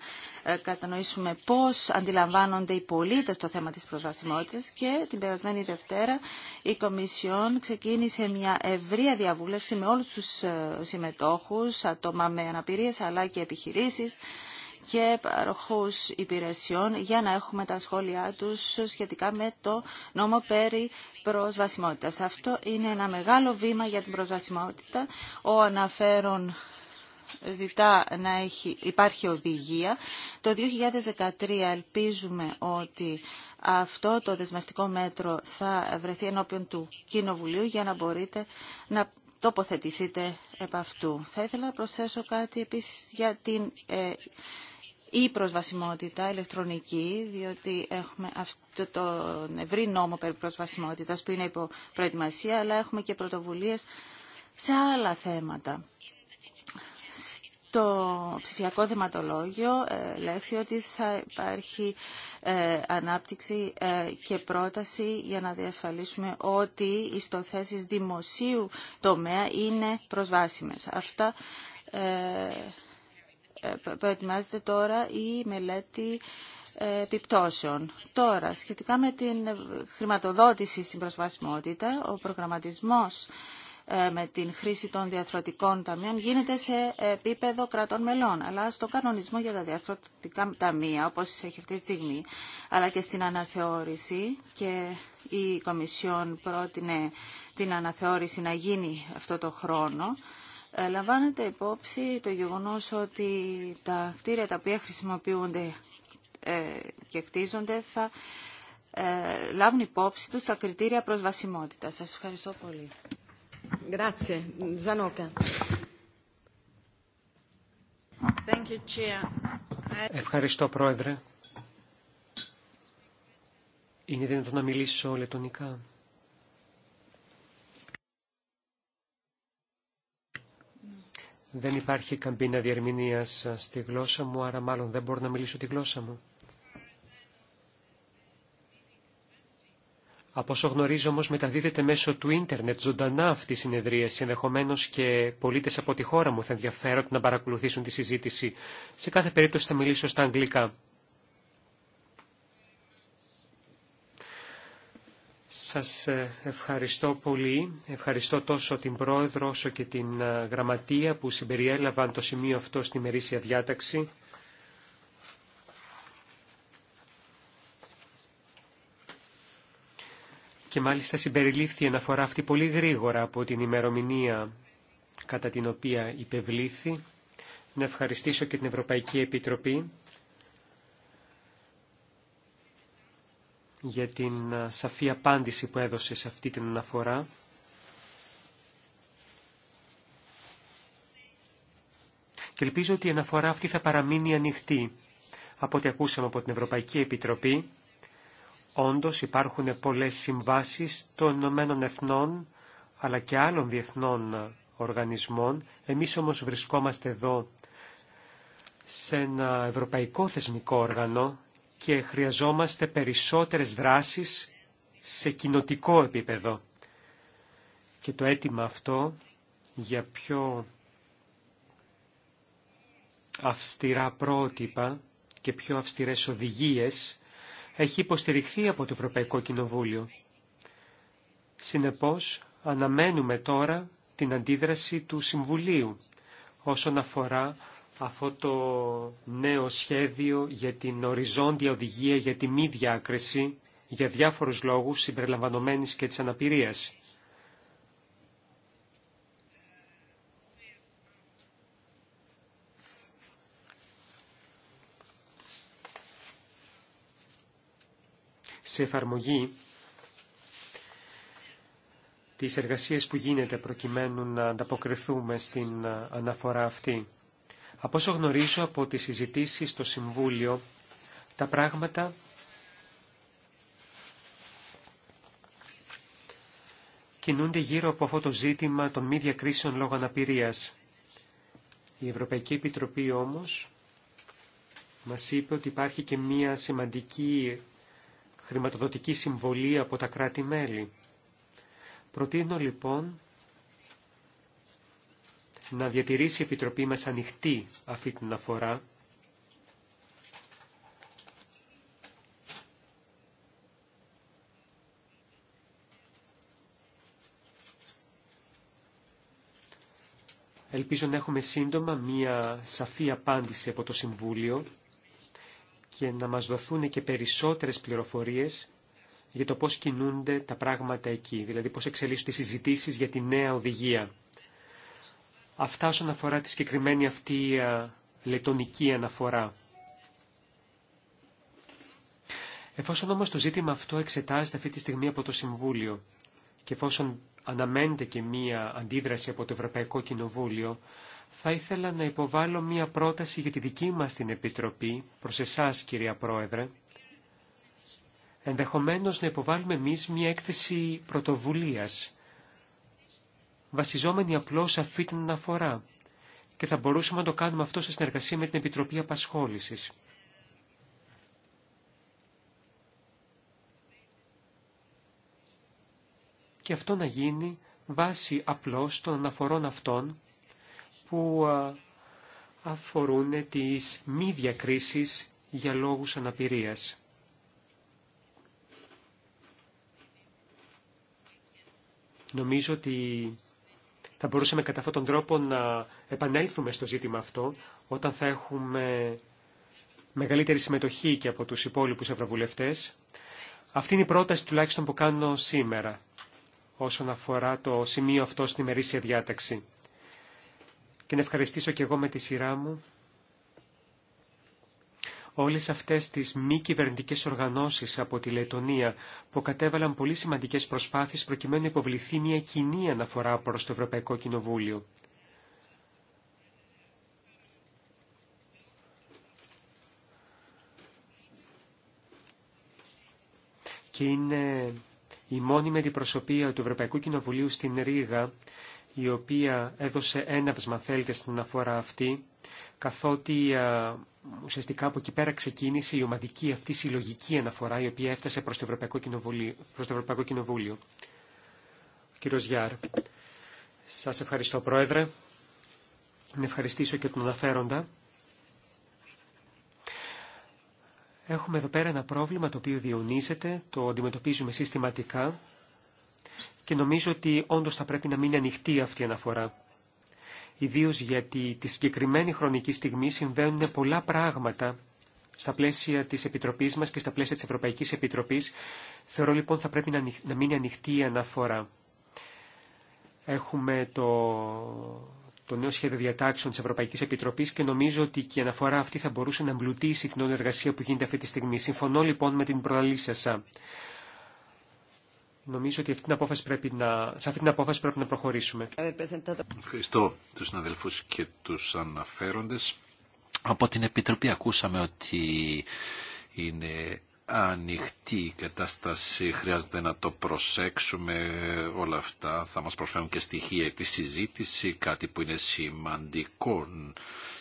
κατανοήσουμε πώς αντιλαμβάνονται οι πολίτες το θέμα της προσβασιμότητας και την περασμένη Δευτέρα η Κομισιόν ξεκίνησε μια ευρεία διαβούλευση με όλους τους συμμετόχους, άτομα με αναπηρίες αλλά και επιχειρήσεις και παροχούς υπηρεσιών για να έχουμε τα σχόλιά τους σχετικά με το νόμο περί προσβασιμότητας. Αυτό είναι ένα μεγάλο βήμα για την προσβασιμότητα. Ο αναφέρον ζητά να έχει, υπάρχει οδηγία. Το 2013 ελπίζουμε ότι αυτό το δεσμευτικό μέτρο θα βρεθεί ενώπιον του Κοινοβουλίου για να μπορείτε να τοποθετηθείτε επ' αυτού. Θα ήθελα να προσθέσω κάτι επίσης για την ε, η προσβασιμότητα ηλεκτρονική, διότι έχουμε αυτό το ευρύ νόμο περί προσβασιμότητας που είναι υπό προετοιμασία, αλλά έχουμε και πρωτοβουλίες σε άλλα θέματα. Το ψηφιακό θεματολόγιο ε, λέει ότι θα υπάρχει ε, ανάπτυξη ε, και πρόταση για να διασφαλίσουμε ότι οι στοθέσεις δημοσίου τομέα είναι προσβάσιμες. Αυτά προετοιμάζεται τώρα η μελέτη ε, επιπτώσεων. Τώρα, σχετικά με την χρηματοδότηση στην προσβασιμότητα, ο προγραμματισμός ε, με την χρήση των διαθρωτικών ταμείων γίνεται σε επίπεδο κρατών μελών. Αλλά στο κανονισμό για τα διαθρωτικά ταμεία, όπως έχει αυτή τη στιγμή, αλλά και στην αναθεώρηση και η Κομισιόν πρότεινε την αναθεώρηση να γίνει αυτό το χρόνο, ε, λαμβάνεται υπόψη το γεγονός ότι τα κτίρια τα οποία χρησιμοποιούνται ε, και χτίζονται θα ε, λάβουν υπόψη τους τα κριτήρια προσβασιμότητας. Σας ευχαριστώ πολύ. Ευχαριστώ, Πρόεδρε. Είναι δυνατόν να μιλήσω λετωνικά. Δεν υπάρχει καμπίνα διερμηνίας ε, στη γλώσσα μου, άρα μάλλον δεν μπορώ να μιλήσω τη γλώσσα μου. Από όσο γνωρίζω όμως μεταδίδεται μέσω του ίντερνετ ζωντανά αυτή η συνεδρία. ενδεχομένως και πολίτες από τη χώρα μου θα ενδιαφέρονται να παρακολουθήσουν τη συζήτηση. Σε κάθε περίπτωση θα μιλήσω στα αγγλικά. Σας ε, ευχαριστώ πολύ. Ευχαριστώ τόσο την Πρόεδρο όσο και την ε, Γραμματεία που συμπεριέλαβαν το σημείο αυτό στη μερίσια διάταξη. Και μάλιστα συμπεριλήφθη η αναφορά αυτή πολύ γρήγορα από την ημερομηνία κατά την οποία υπευλήθη. Να ευχαριστήσω και την Ευρωπαϊκή Επιτροπή για την σαφή απάντηση που έδωσε σε αυτή την αναφορά. Και ελπίζω ότι η αναφορά αυτή θα παραμείνει ανοιχτή. Από ό,τι ακούσαμε από την Ευρωπαϊκή Επιτροπή, όντως υπάρχουν πολλές συμβάσεις των Ηνωμένων Εθνών, αλλά και άλλων διεθνών οργανισμών. Εμείς όμως βρισκόμαστε εδώ σε ένα ευρωπαϊκό θεσμικό όργανο, και χρειαζόμαστε περισσότερες δράσεις σε κοινοτικό επίπεδο. Και το αίτημα αυτό για πιο αυστηρά πρότυπα και πιο αυστηρές οδηγίες έχει υποστηριχθεί από το Ευρωπαϊκό Κοινοβούλιο. Συνεπώς, αναμένουμε τώρα την αντίδραση του Συμβουλίου όσον αφορά αυτό το νέο σχέδιο για την οριζόντια οδηγία για τη μη διάκριση για διάφορους λόγους συμπεριλαμβανομένης και της αναπηρίας. Σε εφαρμογή τις εργασίες που γίνεται προκειμένου να ανταποκριθούμε στην αναφορά αυτή. Από όσο γνωρίζω από τις συζητήσεις στο Συμβούλιο, τα πράγματα κινούνται γύρω από αυτό το ζήτημα των μη διακρίσεων λόγω αναπηρίας. Η Ευρωπαϊκή Επιτροπή όμως μας είπε ότι υπάρχει και μία σημαντική χρηματοδοτική συμβολή από τα κράτη-μέλη. Προτείνω λοιπόν να διατηρήσει η Επιτροπή μας ανοιχτή αυτή την αφορά Ελπίζω να έχουμε σύντομα μία σαφή απάντηση από το Συμβούλιο και να μας δοθούν και περισσότερες πληροφορίες για το πώς κινούνται τα πράγματα εκεί, δηλαδή πώς εξελίσσονται οι συζητήσεις για τη νέα οδηγία. Αυτά όσον αφορά τη συγκεκριμένη αυτή λετονική αναφορά. Εφόσον όμως το ζήτημα αυτό εξετάζεται αυτή τη στιγμή από το Συμβούλιο και εφόσον αναμένεται και μία αντίδραση από το Ευρωπαϊκό Κοινοβούλιο, θα ήθελα να υποβάλω μία πρόταση για τη δική μας την Επιτροπή, προς εσάς κυρία Πρόεδρε, ενδεχομένως να υποβάλουμε εμείς μία έκθεση πρωτοβουλίας βασιζόμενοι απλώς σε αυτή την αναφορά και θα μπορούσαμε να το κάνουμε αυτό σε συνεργασία με την Επιτροπή Απασχόλησης. Και αυτό να γίνει βάσει απλώς των αναφορών αυτών που αφορούν τις μη διακρίσεις για λόγους αναπηρίας. Νομίζω ότι θα μπορούσαμε κατά αυτόν τον τρόπο να επανέλθουμε στο ζήτημα αυτό όταν θα έχουμε μεγαλύτερη συμμετοχή και από τους υπόλοιπους ευρωβουλευτές. Αυτή είναι η πρόταση τουλάχιστον που κάνω σήμερα όσον αφορά το σημείο αυτό στην ημερήσια διάταξη. Και να ευχαριστήσω και εγώ με τη σειρά μου όλες αυτές τις μη κυβερνητικές οργανώσεις από τη Λετωνία που κατέβαλαν πολύ σημαντικές προσπάθειες προκειμένου να υποβληθεί μια κοινή αναφορά προς το Ευρωπαϊκό Κοινοβούλιο. Και είναι η μόνιμη αντιπροσωπεία του Ευρωπαϊκού Κοινοβουλίου στην Ρήγα, η οποία έδωσε έναυσμα θέλετε στην αναφορά αυτή καθότι ε, ουσιαστικά από εκεί πέρα ξεκίνησε η ομαδική αυτή συλλογική αναφορά η οποία έφτασε προς το Ευρωπαϊκό Κοινοβούλιο. Προς Ευρωπαϊκό Γιάρ, σας ευχαριστώ Πρόεδρε. Να ευχαριστήσω και τον αναφέροντα. Έχουμε εδώ πέρα ένα πρόβλημα το οποίο διονύζεται, το αντιμετωπίζουμε συστηματικά και νομίζω ότι όντως θα πρέπει να μείνει ανοιχτή αυτή η αναφορά ιδίως γιατί τη συγκεκριμένη χρονική στιγμή συμβαίνουν πολλά πράγματα στα πλαίσια της Επιτροπής μας και στα πλαίσια της Ευρωπαϊκής Επιτροπής. Θεωρώ λοιπόν θα πρέπει να μείνει ανοιχτή η αναφορά. Έχουμε το, το νέο σχέδιο διατάξεων της Ευρωπαϊκής Επιτροπής και νομίζω ότι και η αναφορά αυτή θα μπορούσε να εμπλουτίσει την όλη εργασία που γίνεται αυτή τη στιγμή. Συμφωνώ λοιπόν με την προλαλή σας. Νομίζω ότι αυτή την απόφαση πρέπει να, σε αυτή την απόφαση πρέπει να προχωρήσουμε. Ευχαριστώ τους συναδελφούς και τους αναφέροντες. Από την Επιτροπή ακούσαμε ότι είναι ανοιχτή η κατάσταση, χρειάζεται να το προσέξουμε όλα αυτά. Θα μας προσφέρουν και στοιχεία τη συζήτηση, κάτι που είναι σημαντικό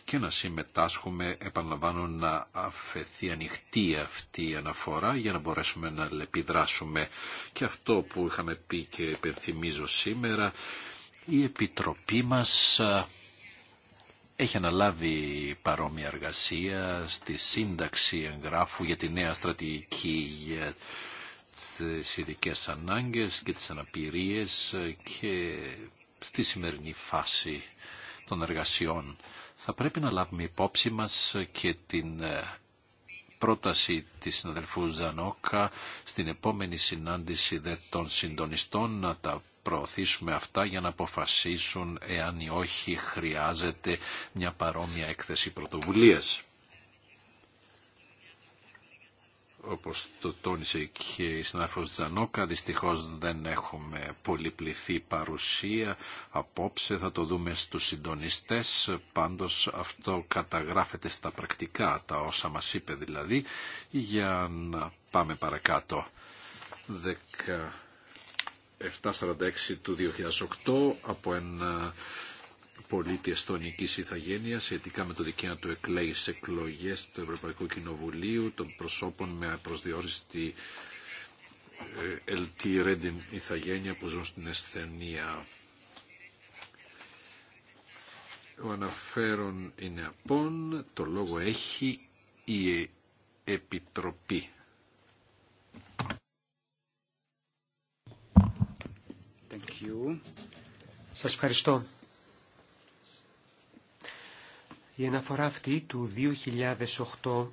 και να συμμετάσχουμε, επαναλαμβάνω, να αφαιθεί ανοιχτή αυτή η αναφορά για να μπορέσουμε να επιδράσουμε. Και αυτό που είχαμε πει και υπενθυμίζω σήμερα, η Επιτροπή μας έχει αναλάβει παρόμοια εργασία στη σύνταξη εγγράφου για τη νέα στρατηγική για τις ειδικέ ανάγκες και τις αναπηρίες και στη σημερινή φάση των εργασιών. Θα πρέπει να λάβουμε υπόψη μας και την ε, πρόταση της συναδελφού Ζανόκα στην επόμενη συνάντηση των συντονιστών να τα προωθήσουμε αυτά για να αποφασίσουν εάν ή όχι χρειάζεται μια παρόμοια έκθεση πρωτοβουλίας. όπως το τόνισε και η συνάδελφος Τζανόκα, δυστυχώς δεν έχουμε πολυπληθή παρουσία. Απόψε θα το δούμε στους συντονιστές, πάντως αυτό καταγράφεται στα πρακτικά, τα όσα μας είπε δηλαδή, για να πάμε παρακάτω. 10 746 του 2008 από ένα πολίτη εστονική ηθαγένεια σχετικά με το δικαίωμα του εκλέγει σε εκλογές του Ευρωπαϊκού Κοινοβουλίου των προσώπων με προσδιορίστη LT ε, Redding ηθαγένεια που ζουν στην Εσθενία. Ο αναφέρον είναι απόν, το λόγο έχει η Επιτροπή. Σας ευχαριστώ. Η αναφορά αυτή του 2008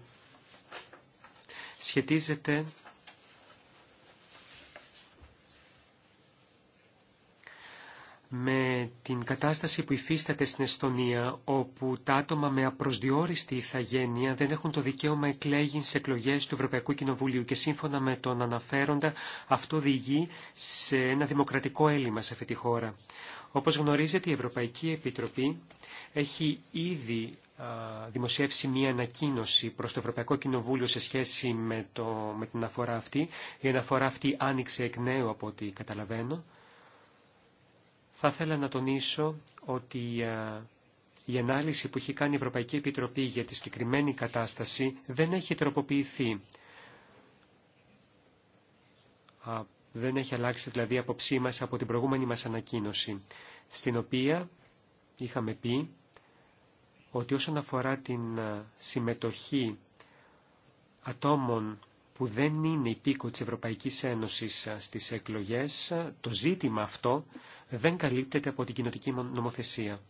σχετίζεται με την κατάσταση που υφίσταται στην Εστονία, όπου τα άτομα με απροσδιόριστη ηθαγένεια δεν έχουν το δικαίωμα εκλέγην σε εκλογέ του Ευρωπαϊκού Κοινοβουλίου και σύμφωνα με τον αναφέροντα αυτό οδηγεί σε ένα δημοκρατικό έλλειμμα σε αυτή τη χώρα. Όπως γνωρίζετε η Ευρωπαϊκή Επιτροπή έχει ήδη δημοσιεύσει μία ανακοίνωση προς το Ευρωπαϊκό Κοινοβούλιο σε σχέση με, το, με την αναφορά αυτή. Η αναφορά αυτή άνοιξε εκ νέου από ό,τι καταλαβαίνω. Θα ήθελα να τονίσω ότι ε, η ανάλυση που έχει κάνει η Ευρωπαϊκή Επιτροπή για τη συγκεκριμένη κατάσταση δεν έχει τροποποιηθεί. Δεν έχει αλλάξει δηλαδή αποψή μας από την προηγούμενη μας ανακοίνωση, στην οποία είχαμε πει ότι όσον αφορά την ε, συμμετοχή ατόμων που δεν είναι υπήκο της Ευρωπαϊκής Ένωσης στις εκλογές, το ζήτημα αυτό δεν καλύπτεται από την κοινοτική νομοθεσία.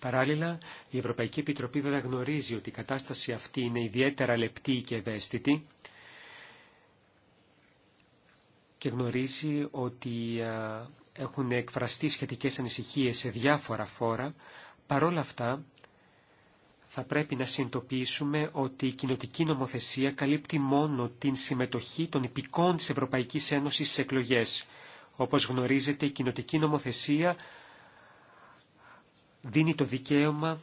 Παράλληλα, η Ευρωπαϊκή Επιτροπή βέβαια γνωρίζει ότι η κατάσταση αυτή είναι ιδιαίτερα λεπτή και ευαίσθητη και γνωρίζει ότι έχουν εκφραστεί σχετικές ανησυχίες σε διάφορα φόρα. Παρόλα αυτά, θα πρέπει να συνειδητοποιήσουμε ότι η κοινοτική νομοθεσία καλύπτει μόνο την συμμετοχή των υπηκών της Ευρωπαϊκής Ένωσης σε εκλογές. Όπως γνωρίζετε, η κοινοτική νομοθεσία δίνει το δικαίωμα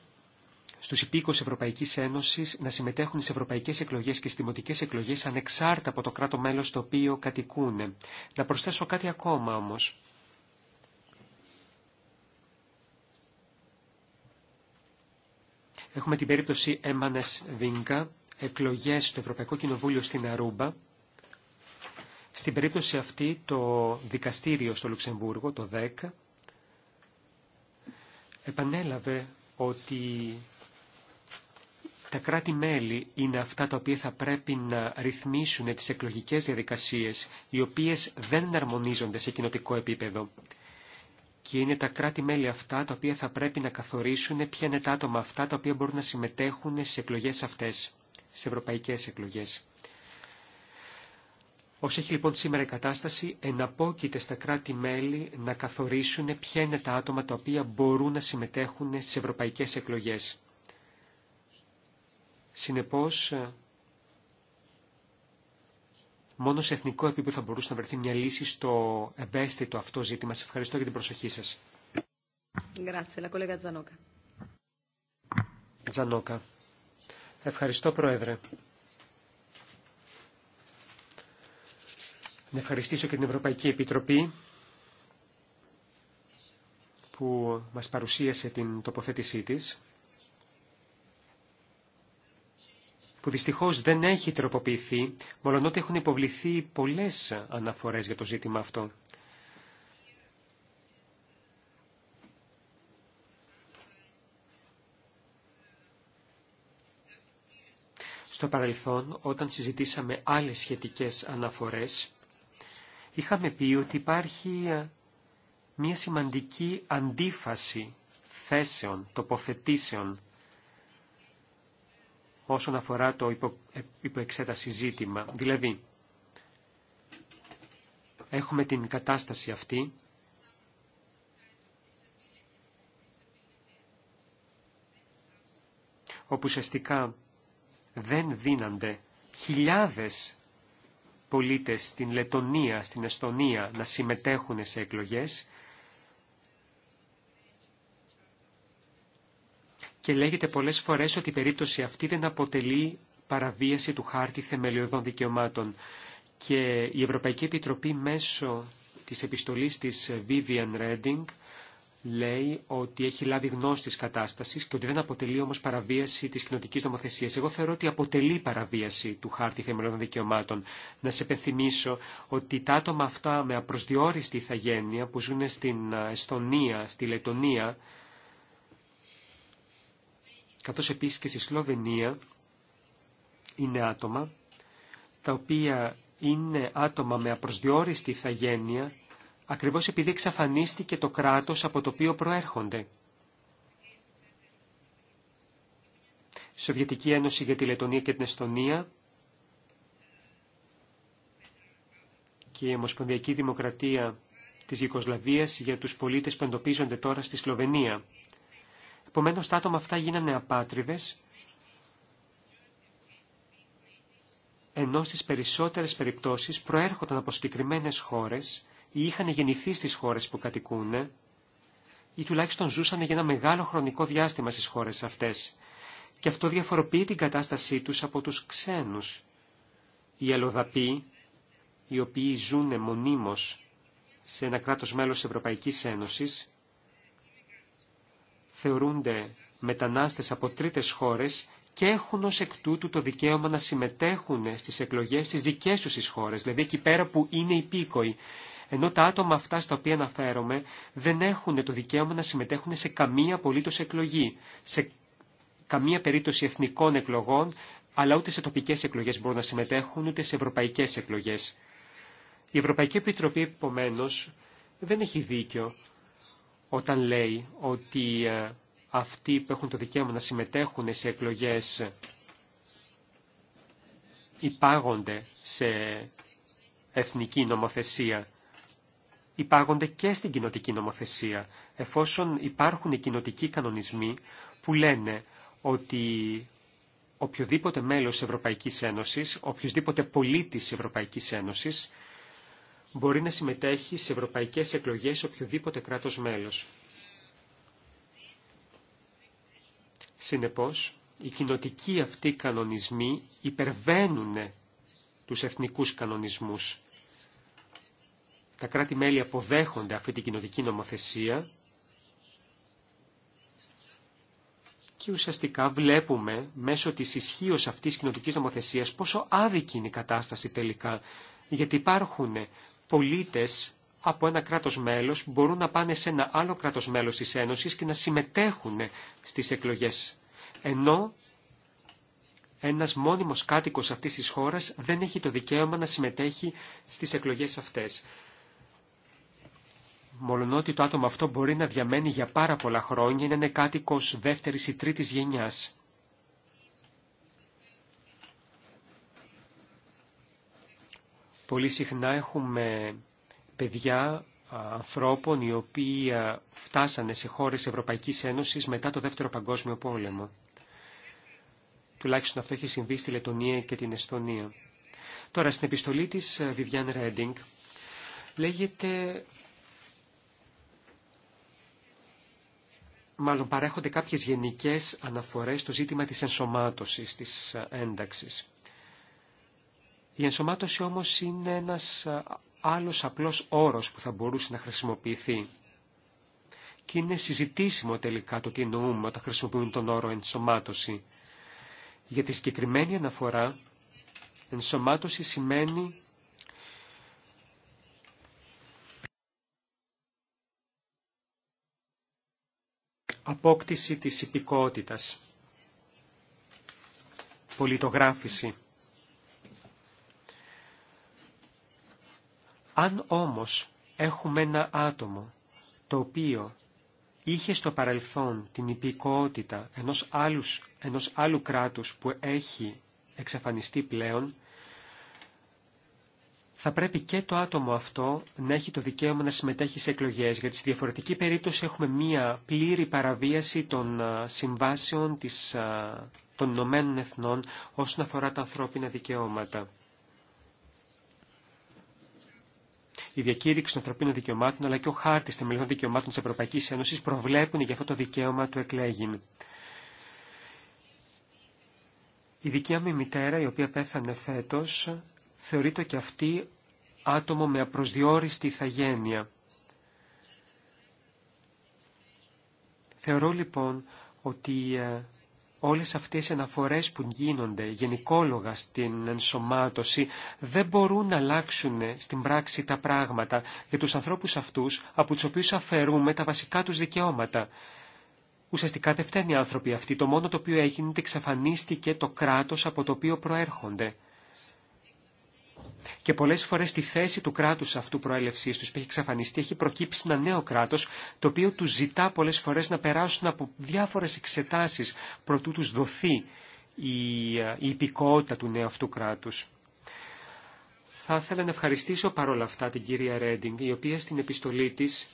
στους υπήκους Ευρωπαϊκής Ένωσης να συμμετέχουν στις ευρωπαϊκές εκλογές και στις δημοτικές εκλογές ανεξάρτητα από το κράτο μέλος στο οποίο κατοικούν. Να προσθέσω κάτι ακόμα όμως. Έχουμε την περίπτωση Έμανες Βίνκα, εκλογές στο Ευρωπαϊκό Κοινοβούλιο στην Αρούμπα. Στην περίπτωση αυτή το δικαστήριο στο Λουξεμβούργο, το 10, επανέλαβε ότι τα κράτη-μέλη είναι αυτά τα οποία θα πρέπει να ρυθμίσουν τις εκλογικές διαδικασίες, οι οποίες δεν εναρμονίζονται σε κοινοτικό επίπεδο και είναι τα κράτη-μέλη αυτά τα οποία θα πρέπει να καθορίσουν ποια είναι τα άτομα αυτά τα οποία μπορούν να συμμετέχουν σε εκλογές αυτές, σε ευρωπαϊκές εκλογές. Όσο έχει λοιπόν σήμερα η κατάσταση, εναπόκειται στα κράτη-μέλη να καθορίσουν ποια είναι τα άτομα τα οποία μπορούν να συμμετέχουν στις ευρωπαϊκές εκλογές. Συνεπώς, Μόνο σε εθνικό επίπεδο θα μπορούσε να βρεθεί μια λύση στο ευαίσθητο αυτό ζήτημα. Σας ευχαριστώ για την προσοχή σας. Τζανόκα. Ευχαριστώ, Πρόεδρε. Να ευχαριστήσω και την Ευρωπαϊκή Επιτροπή που μας παρουσίασε την τοποθέτησή της. που δυστυχώς δεν έχει τροποποιηθεί, μολονότι έχουν υποβληθεί πολλές αναφορές για το ζήτημα αυτό. Στο παρελθόν, όταν συζητήσαμε άλλες σχετικές αναφορές, είχαμε πει ότι υπάρχει ε, μια σημαντική αντίφαση θέσεων, τοποθετήσεων όσον αφορά το υπο, ε, υποεξέταση ζήτημα. Δηλαδή, έχουμε την κατάσταση αυτή όπου ουσιαστικά δεν δίνανται χιλιάδες πολίτες στην Λετωνία, στην Εστονία να συμμετέχουν σε εκλογές και λέγεται πολλές φορές ότι η περίπτωση αυτή δεν αποτελεί παραβίαση του χάρτη θεμελιωδών δικαιωμάτων. Και η Ευρωπαϊκή Επιτροπή μέσω της επιστολής της Vivian Redding λέει ότι έχει λάβει γνώση της κατάστασης και ότι δεν αποτελεί όμως παραβίαση της κοινοτικής νομοθεσίας. Εγώ θεωρώ ότι αποτελεί παραβίαση του χάρτη θεμελιωδών δικαιωμάτων. Να σε επενθυμίσω ότι τα άτομα αυτά με απροσδιόριστη ηθαγένεια που ζουν στην ε, Εστονία, στη Λετωνία, καθώς επίσης και στη Σλοβενία είναι άτομα τα οποία είναι άτομα με απροσδιόριστη ηθαγένεια ακριβώς επειδή εξαφανίστηκε το κράτος από το οποίο προέρχονται. Η Σοβιετική Ένωση για τη Λετωνία και την Εστονία και η Ομοσπονδιακή Δημοκρατία της Γεκοσλαβίας για τους πολίτες που εντοπίζονται τώρα στη Σλοβενία. Επομένως τα άτομα αυτά γίνανε απάτριδες, ενώ στις περισσότερες περιπτώσεις προέρχονταν από συγκεκριμένε χώρες ή είχαν γεννηθεί στις χώρες που κατοικούν ή τουλάχιστον ζούσαν για ένα μεγάλο χρονικό διάστημα στις χώρες αυτές. Και αυτό διαφοροποιεί την κατάστασή τους από τους ξένους. Οι αλλοδαποί, οι οποίοι ζουν μονίμως σε ένα κράτος μέλος της Ευρωπαϊκής Ένωσης, θεωρούνται μετανάστες από τρίτες χώρες και έχουν ως εκ τούτου το δικαίωμα να συμμετέχουν στις εκλογές στις δικές τους χώρες, δηλαδή εκεί πέρα που είναι υπήκοοι. Ενώ τα άτομα αυτά στα οποία αναφέρομαι δεν έχουν το δικαίωμα να συμμετέχουν σε καμία απολύτως εκλογή, σε καμία περίπτωση εθνικών εκλογών, αλλά ούτε σε τοπικές εκλογές μπορούν να συμμετέχουν, ούτε σε ευρωπαϊκές εκλογές. Η Ευρωπαϊκή Επιτροπή, επομένω, δεν έχει δίκιο όταν λέει ότι ε, αυτοί που έχουν το δικαίωμα να συμμετέχουν σε εκλογές υπάγονται σε εθνική νομοθεσία. Υπάγονται και στην κοινοτική νομοθεσία, εφόσον υπάρχουν οι κοινοτικοί κανονισμοί που λένε ότι οποιοδήποτε μέλος Ευρωπαϊκής Ένωσης, οποιοδήποτε πολίτης Ευρωπαϊκής Ένωσης, μπορεί να συμμετέχει σε ευρωπαϊκές εκλογές σε οποιοδήποτε κράτος μέλος. Συνεπώς, οι κοινοτικοί αυτοί κανονισμοί υπερβαίνουν τους εθνικούς κανονισμούς. Τα κράτη-μέλη αποδέχονται αυτή την κοινοτική νομοθεσία και ουσιαστικά βλέπουμε μέσω της ισχύω αυτής κοινοτικής νομοθεσίας πόσο άδικη είναι η κατάσταση τελικά, γιατί υπάρχουν πολίτες από ένα κράτος μέλος μπορούν να πάνε σε ένα άλλο κράτος μέλος της Ένωσης και να συμμετέχουν στις εκλογές. Ενώ ένας μόνιμος κάτοικος αυτής της χώρας δεν έχει το δικαίωμα να συμμετέχει στις εκλογές αυτές. ότι το άτομο αυτό μπορεί να διαμένει για πάρα πολλά χρόνια, είναι κάτοικος δεύτερης ή τρίτης γενιάς. Πολύ συχνά έχουμε παιδιά ανθρώπων οι οποίοι φτάσανε σε χώρες Ευρωπαϊκής Ένωσης μετά το Δεύτερο Παγκόσμιο Πόλεμο. Τουλάχιστον αυτό έχει συμβεί στη Λετωνία και την Εστονία. Τώρα, στην επιστολή της Βιβιάν Ρέντινγκ λέγεται... Μάλλον παρέχονται κάποιες γενικές αναφορές στο ζήτημα της ενσωμάτωσης, της ένταξης. Η ενσωμάτωση όμως είναι ένας άλλος απλός όρος που θα μπορούσε να χρησιμοποιηθεί. Και είναι συζητήσιμο τελικά το τι εννοούμε όταν χρησιμοποιούμε τον όρο ενσωμάτωση. Για τη συγκεκριμένη αναφορά, ενσωμάτωση σημαίνει απόκτηση της υπηκότητας, πολιτογράφηση. Αν όμως έχουμε ένα άτομο το οποίο είχε στο παρελθόν την υπηκότητα ενός, άλλους, ενός άλλου κράτους που έχει εξαφανιστεί πλέον, θα πρέπει και το άτομο αυτό να έχει το δικαίωμα να συμμετέχει σε εκλογές, γιατί στη διαφορετική περίπτωση έχουμε μία πλήρη παραβίαση των συμβάσεων της, των Ηνωμένων Εθνών όσον αφορά τα ανθρώπινα δικαιώματα. η διακήρυξη των ανθρωπίνων δικαιωμάτων αλλά και ο χάρτη των δικαιωμάτων τη Ευρωπαϊκή Ένωση προβλέπουν για αυτό το δικαίωμα του εκλέγην. Η δικιά μου μητέρα, η οποία πέθανε φέτο, θεωρείται και αυτή άτομο με απροσδιόριστη ηθαγένεια. Θεωρώ λοιπόν ότι ε, όλες αυτές οι αναφορές που γίνονται γενικόλογα στην ενσωμάτωση δεν μπορούν να αλλάξουν στην πράξη τα πράγματα για τους ανθρώπους αυτούς από τους οποίους αφαιρούμε τα βασικά τους δικαιώματα. Ουσιαστικά δεν φταίνουν οι άνθρωποι αυτοί. Το μόνο το οποίο έγινε ότι εξαφανίστηκε το κράτος από το οποίο προέρχονται και πολλέ φορέ στη θέση του κράτου αυτού προέλευσή του που έχει εξαφανιστεί έχει προκύψει ένα νέο κράτο το οποίο του ζητά πολλέ φορέ να περάσουν από διάφορε εξετάσει προτού του δοθεί η, η υπηκότητα του νέου αυτού κράτου. Θα ήθελα να ευχαριστήσω παρόλα αυτά την κυρία Ρέντινγκ, η οποία στην επιστολή της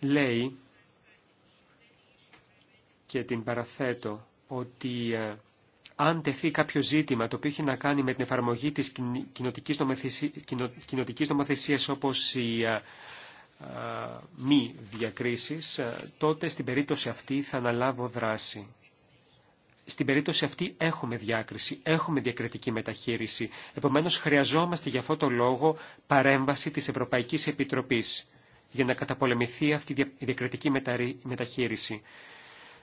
λέει και την παραθέτω ότι ε, αν τεθεί κάποιο ζήτημα το οποίο έχει να κάνει με την εφαρμογή της κοινοτικής νομοθεσίας, όπως η μη διακρίσεις, ε, τότε στην περίπτωση αυτή θα αναλάβω δράση. Στην περίπτωση αυτή έχουμε διάκριση, έχουμε διακριτική μεταχείριση. Επομένως χρειαζόμαστε για αυτό το λόγο παρέμβαση της Ευρωπαϊκής Επιτροπής για να καταπολεμηθεί αυτή η διακριτική μεταχείριση.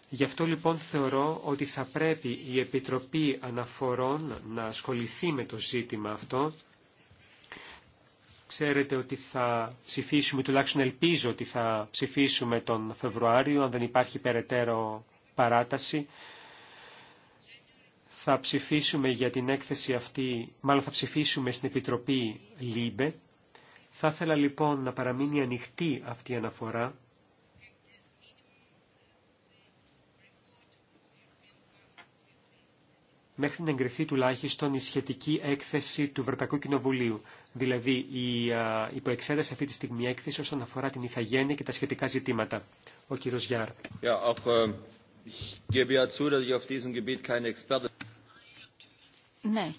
Γι' αυτό λοιπόν θεωρώ ότι θα πρέπει η Επιτροπή Αναφορών να ασχοληθεί με το ζήτημα αυτό. Ξέρετε ότι θα ψηφίσουμε, τουλάχιστον ελπίζω ότι θα ψηφίσουμε τον Φεβρουάριο, αν δεν υπάρχει περαιτέρω παράταση. Θα ψηφίσουμε για την έκθεση αυτή, μάλλον θα ψηφίσουμε στην Επιτροπή ΛΥΜΠΕ. Θα ήθελα λοιπόν να παραμείνει ανοιχτή αυτή η αναφορά μέχρι να εγκριθεί τουλάχιστον η σχετική έκθεση του Ευρωπαϊκού Κοινοβουλίου. Δηλαδή η υποεξέταση αυτή τη στιγμή έκθεση όσον αφορά την ηθαγένεια και τα σχετικά ζητήματα. Ο κύριο Γιάρ. Ναι,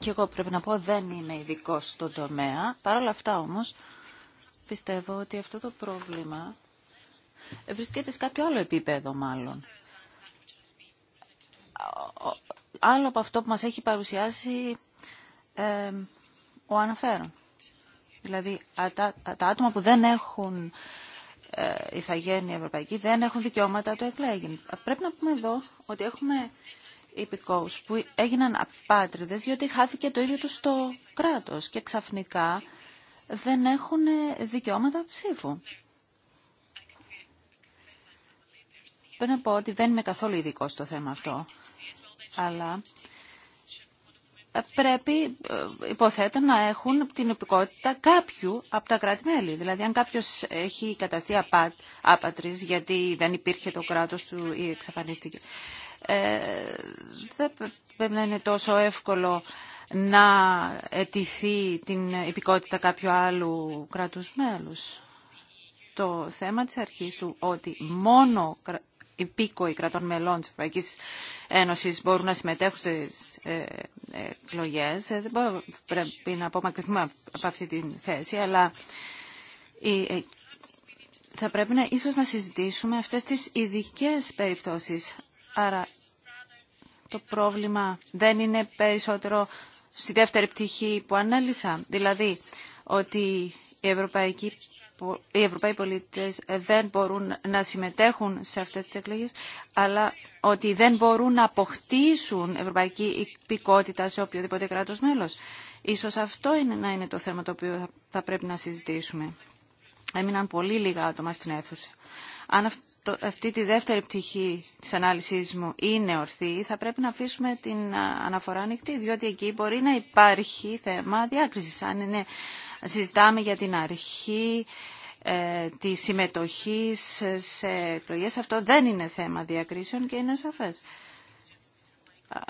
και εγώ πρέπει να πω δεν είμαι ειδικό στον τομέα. Παρ' όλα αυτά όμως πιστεύω ότι αυτό το πρόβλημα βρίσκεται σε κάποιο άλλο επίπεδο μάλλον άλλο από αυτό που μας έχει παρουσιάσει ε, ο αναφέρον. Δηλαδή τα, άτομα που δεν έχουν ε, ηθαγένεια ευρωπαϊκή δεν έχουν δικαιώματα το εκλέγην. Πρέπει να πούμε εδώ ότι έχουμε υπηκόους που έγιναν απάτριδες διότι χάθηκε το ίδιο τους το κράτος και ξαφνικά δεν έχουν ε, δικαιώματα ψήφου. Πρέπει να πω ότι δεν είμαι καθόλου ειδικό στο θέμα αυτό, αλλά ε, πρέπει, ε, υποθέτω, να έχουν την υπηκότητα κάποιου από τα κράτη-μέλη. Δηλαδή, αν κάποιο έχει καταστεί απατρίς γιατί δεν υπήρχε το κράτος του ή εξαφανίστηκε, ε, δεν πρέπει να είναι τόσο εύκολο να αιτηθεί την υπηκότητα κάποιου άλλου κράτους μέλους. Το θέμα της αρχής του ότι μόνο υπήκοοι κρατών μελών της Ευρωπαϊκής Ένωσης μπορούν να συμμετέχουν στις ε, ε, εκλογές. Ε, δεν πρέπει να απομακρυνθούμε από αυτή τη θέση, αλλά θα πρέπει να ίσως να συζητήσουμε αυτές τις ειδικέ περιπτώσεις. Άρα το πρόβλημα δεν είναι περισσότερο στη δεύτερη πτυχή που ανέλησα, δηλαδή ότι η Ευρωπαϊκή οι Ευρωπαίοι πολίτες δεν μπορούν να συμμετέχουν σε αυτές τις εκλογές, αλλά ότι δεν μπορούν να αποκτήσουν ευρωπαϊκή υπηκότητα σε οποιοδήποτε κράτος μέλος. Ίσως αυτό είναι, να είναι το θέμα το οποίο θα πρέπει να συζητήσουμε. Έμειναν πολύ λίγα άτομα στην αίθουσα. Αν αυτή τη δεύτερη πτυχή της ανάλυσης μου είναι ορθή, θα πρέπει να αφήσουμε την αναφορά ανοιχτή, διότι εκεί μπορεί να υπάρχει θέμα διάκρισης. Αν είναι συζητάμε για την αρχή ε, τη συμμετοχή σε εκλογές. Αυτό δεν είναι θέμα διακρίσεων και είναι σαφές.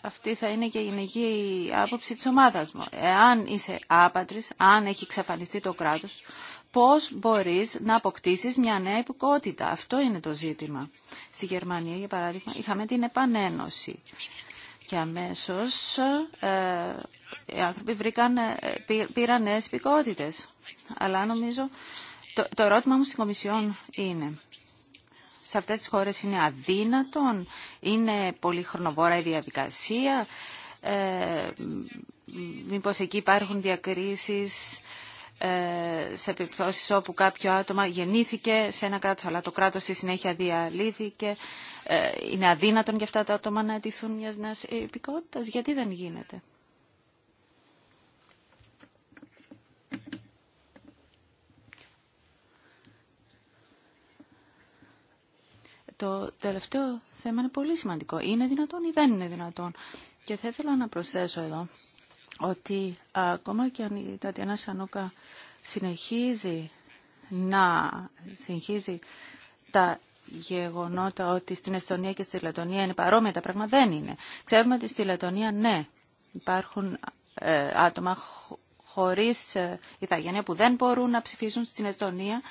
Αυτή θα είναι και η γενική άποψη της ομάδας μου. Εάν είσαι άπατρης, αν έχει εξαφανιστεί το κράτος, πώς μπορείς να αποκτήσεις μια νέα υπηκότητα. Αυτό είναι το ζήτημα. Στη Γερμανία, για παράδειγμα, είχαμε την επανένωση. Και αμέσως ε, οι άνθρωποι βρήκαν, ε, πήραν νέε υπηκότητε. Αλλά νομίζω το, το ερώτημα μου στην Κομισιόν είναι σε αυτές τις χώρες είναι αδύνατον, είναι πολύ χρονοβόρα η διαδικασία, ε, μήπως εκεί υπάρχουν διακρίσεις ε, σε επιπτώσει όπου κάποιο άτομο γεννήθηκε σε ένα κράτος, αλλά το κράτος στη συνέχεια διαλύθηκε. Ε, είναι αδύνατον για αυτά τα άτομα να αιτηθούν μιας νέας υπηκότητας. Γιατί δεν γίνεται. το τελευταίο θέμα είναι πολύ σημαντικό. Είναι δυνατόν ή δεν είναι δυνατόν. Και θα ήθελα να προσθέσω εδώ ότι ακόμα και αν η Τατιανά Σανούκα συνεχίζει να συνεχίζει τα γεγονότα ότι στην Εστονία και στη Λετωνία είναι παρόμοια τα πράγματα. Δεν είναι. Ξέρουμε ότι στη Λετωνία, ναι, υπάρχουν ε, άτομα χωρίς ε, ηθαγένεια που δεν μπορούν να ψηφίσουν στην Εστονία.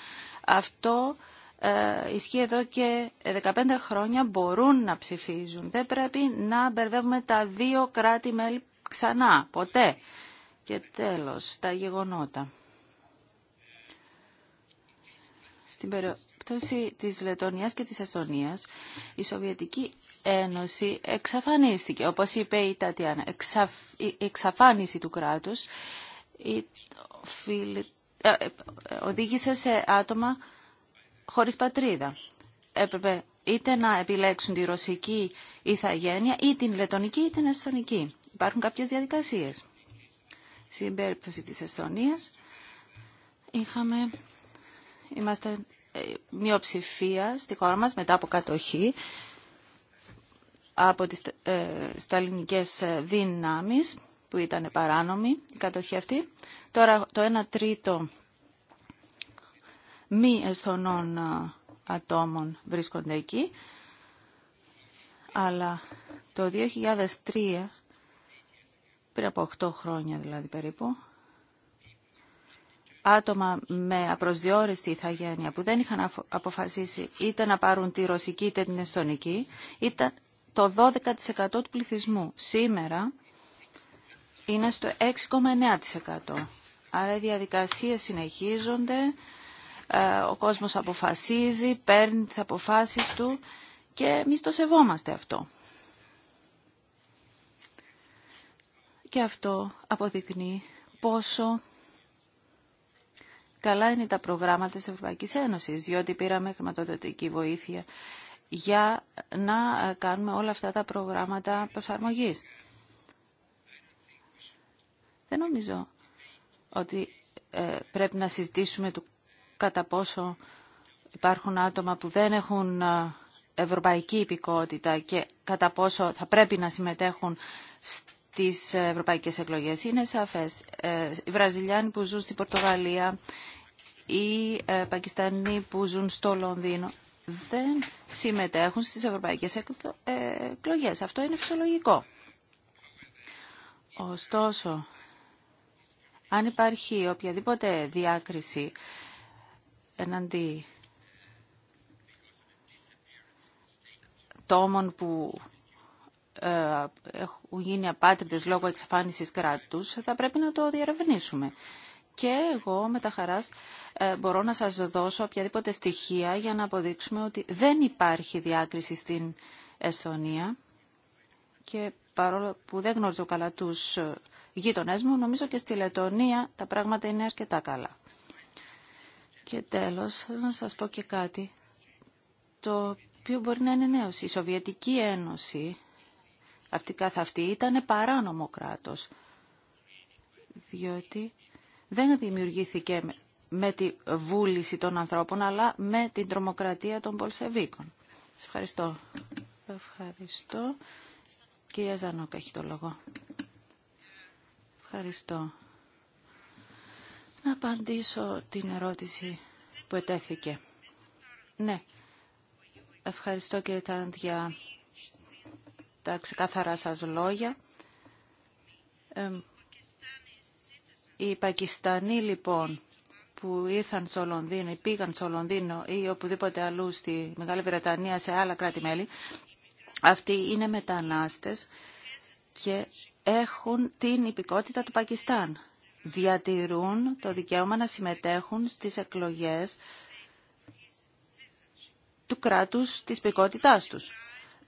Αυτό ε, ισχύει εδώ και 15 χρόνια μπορούν να ψηφίζουν. Δεν πρέπει να μπερδεύουμε τα δύο κράτη-μέλη ξανά, ποτέ. Και τέλος, τα γεγονότα. Στην περίπτωση της Λετωνίας και της Εστονίας, η Σοβιετική Ένωση εξαφανίστηκε. Όπως είπε η Τατιάνα, η εξαφάνιση του κράτους ε, ε, οδήγησε σε άτομα χωρίς πατρίδα. Έπρεπε είτε να επιλέξουν τη ρωσική ηθαγένεια ή την λετονική ή την εσθονική. Υπάρχουν κάποιες διαδικασίες. Στην περίπτωση της Εσθονίας είχαμε, είμαστε ε, μειοψηφία στη χώρα μας μετά από κατοχή από τις ε, σταλινικές ε, δυνάμεις που ήταν παράνομη η κατοχή αυτή. Τώρα το 1 τρίτο μη εσθονών ατόμων βρίσκονται εκεί, αλλά το 2003, πριν από 8 χρόνια δηλαδή περίπου, άτομα με απροσδιόριστη ηθαγένεια που δεν είχαν αποφασίσει είτε να πάρουν τη ρωσική είτε την εστωνική ήταν το 12% του πληθυσμού. Σήμερα είναι στο 6,9%. Άρα οι διαδικασίες συνεχίζονται ε, ο κόσμος αποφασίζει, παίρνει τις αποφάσεις του και εμείς το σεβόμαστε αυτό. Και αυτό αποδεικνύει πόσο καλά είναι τα προγράμματα της Ευρωπαϊκής Ένωσης, διότι πήραμε χρηματοδοτική βοήθεια για να κάνουμε όλα αυτά τα προγράμματα προσαρμογής. Δεν νομίζω ότι ε, πρέπει να συζητήσουμε του κατά πόσο υπάρχουν άτομα που δεν έχουν ευρωπαϊκή υπηκότητα και κατά πόσο θα πρέπει να συμμετέχουν στις ευρωπαϊκές εκλογές. Είναι σαφές. Ε, οι Βραζιλιάνοι που ζουν στην Πορτογαλία ή οι ε, Πακιστανοί που ζουν στο Λονδίνο δεν συμμετέχουν στις ευρωπαϊκές εκλογές. Ε, Αυτό είναι φυσιολογικό. Ωστόσο, αν υπάρχει οποιαδήποτε διάκριση εναντί τόμων που ε, έχουν γίνει απάτητες λόγω εξαφάνισης κράτους, θα πρέπει να το διαρευνήσουμε. Και εγώ με τα χαράς ε, μπορώ να σας δώσω οποιαδήποτε στοιχεία για να αποδείξουμε ότι δεν υπάρχει διάκριση στην Εσθονία και παρόλο που δεν γνωρίζω καλά τους ε, γείτονές μου, νομίζω και στη Λετωνία τα πράγματα είναι αρκετά καλά. Και τέλος, να σας πω και κάτι, το οποίο μπορεί να είναι νέος. Η Σοβιετική Ένωση, αυτή καθ' αυτή, ήταν παράνομο κράτος, διότι δεν δημιουργήθηκε με τη βούληση των ανθρώπων, αλλά με την τρομοκρατία των Πολσεβίκων. Σας ευχαριστώ. Ευχαριστώ. Κυρία Ζανόκα έχει το λόγο. Ευχαριστώ να απαντήσω την ερώτηση που ετέθηκε. Ναι, ευχαριστώ και ταντια για τα ξεκάθαρά σας λόγια. οι Πακιστανοί λοιπόν που ήρθαν στο Λονδίνο ή πήγαν στο Λονδίνο ή οπουδήποτε αλλού στη Μεγάλη Βρετανία σε άλλα κράτη-μέλη, αυτοί είναι μετανάστες και έχουν την υπηκότητα του Πακιστάν διατηρούν το δικαίωμα να συμμετέχουν στις εκλογές του κράτους της πικότητάς τους.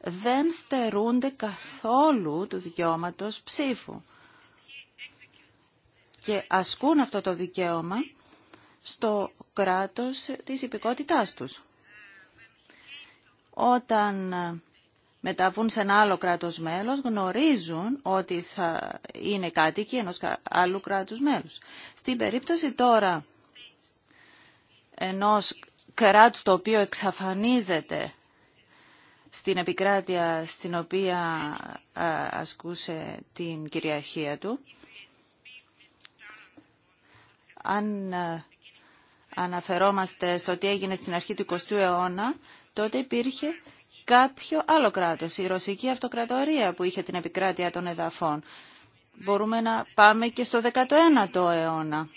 Δεν στερούνται καθόλου του δικαιώματος ψήφου και ασκούν αυτό το δικαίωμα στο κράτος της υπηκότητάς τους. Όταν μεταβούν σε ένα άλλο κράτος μέλος γνωρίζουν ότι θα είναι κάτοικοι ενός άλλου κράτους μέλους. Στην περίπτωση τώρα ενός κράτους το οποίο εξαφανίζεται στην επικράτεια στην οποία ασκούσε την κυριαρχία του, αν αναφερόμαστε στο τι έγινε στην αρχή του 20ου αιώνα, τότε υπήρχε κάποιο άλλο κράτος, η Ρωσική Αυτοκρατορία που είχε την επικράτεια των εδαφών. Μπορούμε να πάμε και στο 19ο αιώνα,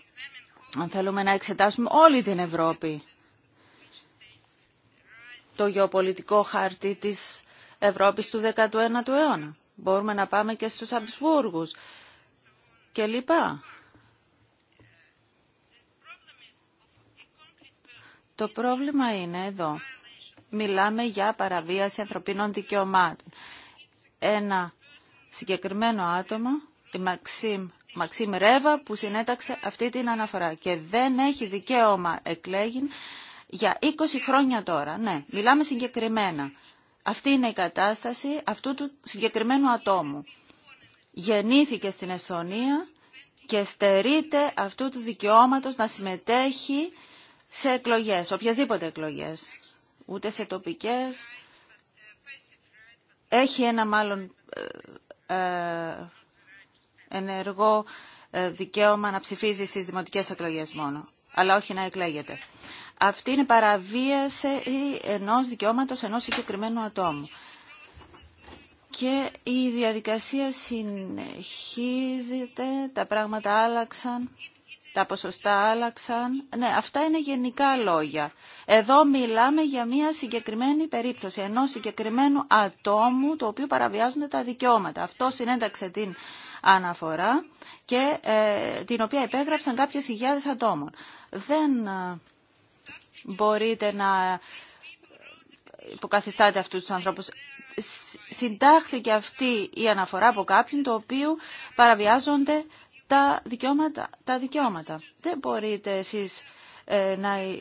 αν θέλουμε να εξετάσουμε όλη την Ευρώπη. Το γεωπολιτικό χάρτη της Ευρώπης του 19ου αιώνα. Μπορούμε να πάμε και στους Αμπισβούργους και λοιπά. Το πρόβλημα είναι εδώ μιλάμε για παραβίαση ανθρωπίνων δικαιωμάτων. Ένα συγκεκριμένο άτομο, τη Μαξίμ, Ρέβα, που συνέταξε αυτή την αναφορά και δεν έχει δικαίωμα εκλέγην για 20 χρόνια τώρα. Ναι, μιλάμε συγκεκριμένα. Αυτή είναι η κατάσταση αυτού του συγκεκριμένου ατόμου. Γεννήθηκε στην Εσθονία και στερείται αυτού του δικαιώματος να συμμετέχει σε εκλογές, οποιασδήποτε εκλογές ούτε σε τοπικές. Έχει ένα μάλλον ε, ε, ενεργό ε, δικαίωμα να ψηφίζει στις δημοτικές εκλογές μόνο, αλλά όχι να εκλέγεται. Αυτή είναι παραβίαση ενός δικαιώματος ενός συγκεκριμένου ατόμου. Και η διαδικασία συνεχίζεται, τα πράγματα άλλαξαν τα ποσοστά άλλαξαν. Ναι, αυτά είναι γενικά λόγια. Εδώ μιλάμε για μια συγκεκριμένη περίπτωση ενός συγκεκριμένου ατόμου το οποίο παραβιάζονται τα δικαιώματα. Αυτό συνένταξε την αναφορά και ε, την οποία υπέγραψαν κάποιες χιλιάδες ατόμων. Δεν ε, μπορείτε να υποκαθιστάτε αυτούς τους ανθρώπους συντάχθηκε αυτή η αναφορά από κάποιον το οποίο παραβιάζονται τα δικαιώματα. Τα δικαιώματα. Δεν μπορείτε εσείς ε, να ε,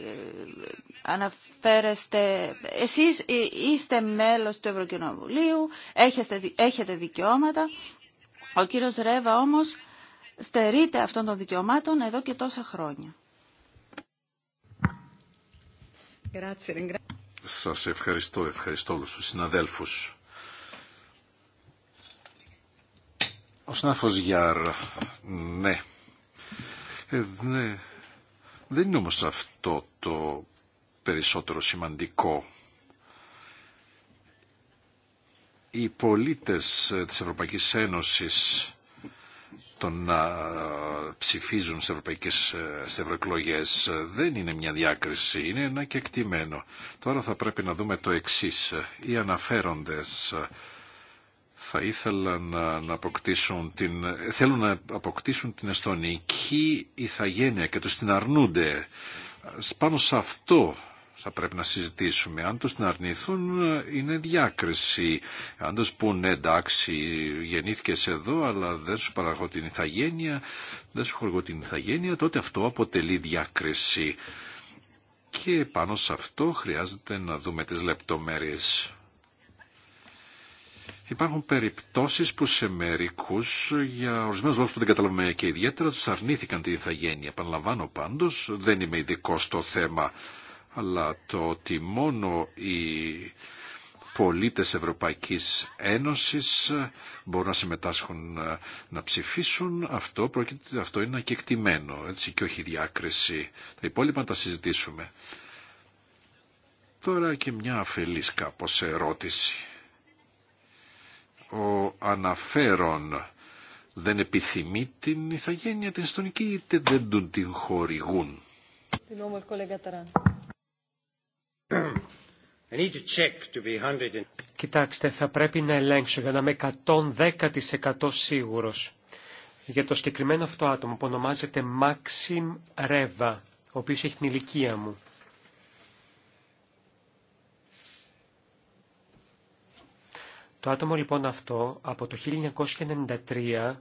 αναφέρεστε... Εσείς ε, είστε μέλος του Ευρωκοινοβουλίου, έχετε, έχετε δικαιώματα. Ο κύριος Ρέβα όμως στερείται αυτών των δικαιωμάτων εδώ και τόσα χρόνια. Σας ευχαριστώ, ευχαριστώ όλους τους συναδέλφους Ο Σναφος Γιάρ, ναι. Ε, ναι. Δεν είναι όμως αυτό το περισσότερο σημαντικό. Οι πολίτες ε, της Ευρωπαϊκής Ένωσης το να ε, ψηφίζουν σε ευρωπαϊκές σε δεν είναι μια διάκριση, είναι ένα κεκτημένο. Τώρα θα πρέπει να δούμε το εξής. Οι αναφέροντες θα ήθελα να, αποκτήσουν την, θέλουν να αποκτήσουν την εστονική ηθαγένεια και τους την αρνούνται. Πάνω σε αυτό θα πρέπει να συζητήσουμε. Αν τους την αρνηθούν είναι διάκριση. Αν τους πούνε «Ναι, εντάξει γεννήθηκες εδώ αλλά δεν σου παραγώ την ηθαγένεια, δεν σου την ηθαγένεια, τότε αυτό αποτελεί διάκριση. Και πάνω σε αυτό χρειάζεται να δούμε τις λεπτομέρειες. Υπάρχουν περιπτώσεις που σε μερικού για ορισμένους λόγους που δεν καταλαβαίνουμε και ιδιαίτερα, τους αρνήθηκαν την ηθαγένεια. Επαναλαμβάνω πάντω, δεν είμαι ειδικό στο θέμα, αλλά το ότι μόνο οι πολίτες Ευρωπαϊκής Ένωσης μπορούν να συμμετάσχουν να ψηφίσουν, αυτό, πρόκειται, αυτό είναι ακεκτημένο, έτσι, και όχι διάκριση. Τα υπόλοιπα να τα συζητήσουμε. Τώρα και μια αφελής κάπως ερώτηση ο αναφέρον δεν επιθυμεί την ηθογένεια, την ιστονική είτε δεν του την χορηγούν. Κοιτάξτε, θα πρέπει να ελέγξω για να είμαι 110% σίγουρος για το συγκεκριμένο αυτό άτομο που ονομάζεται Μάξιμ Ρέβα, ο οποίος έχει την ηλικία μου. Το άτομο λοιπόν αυτό από το 1993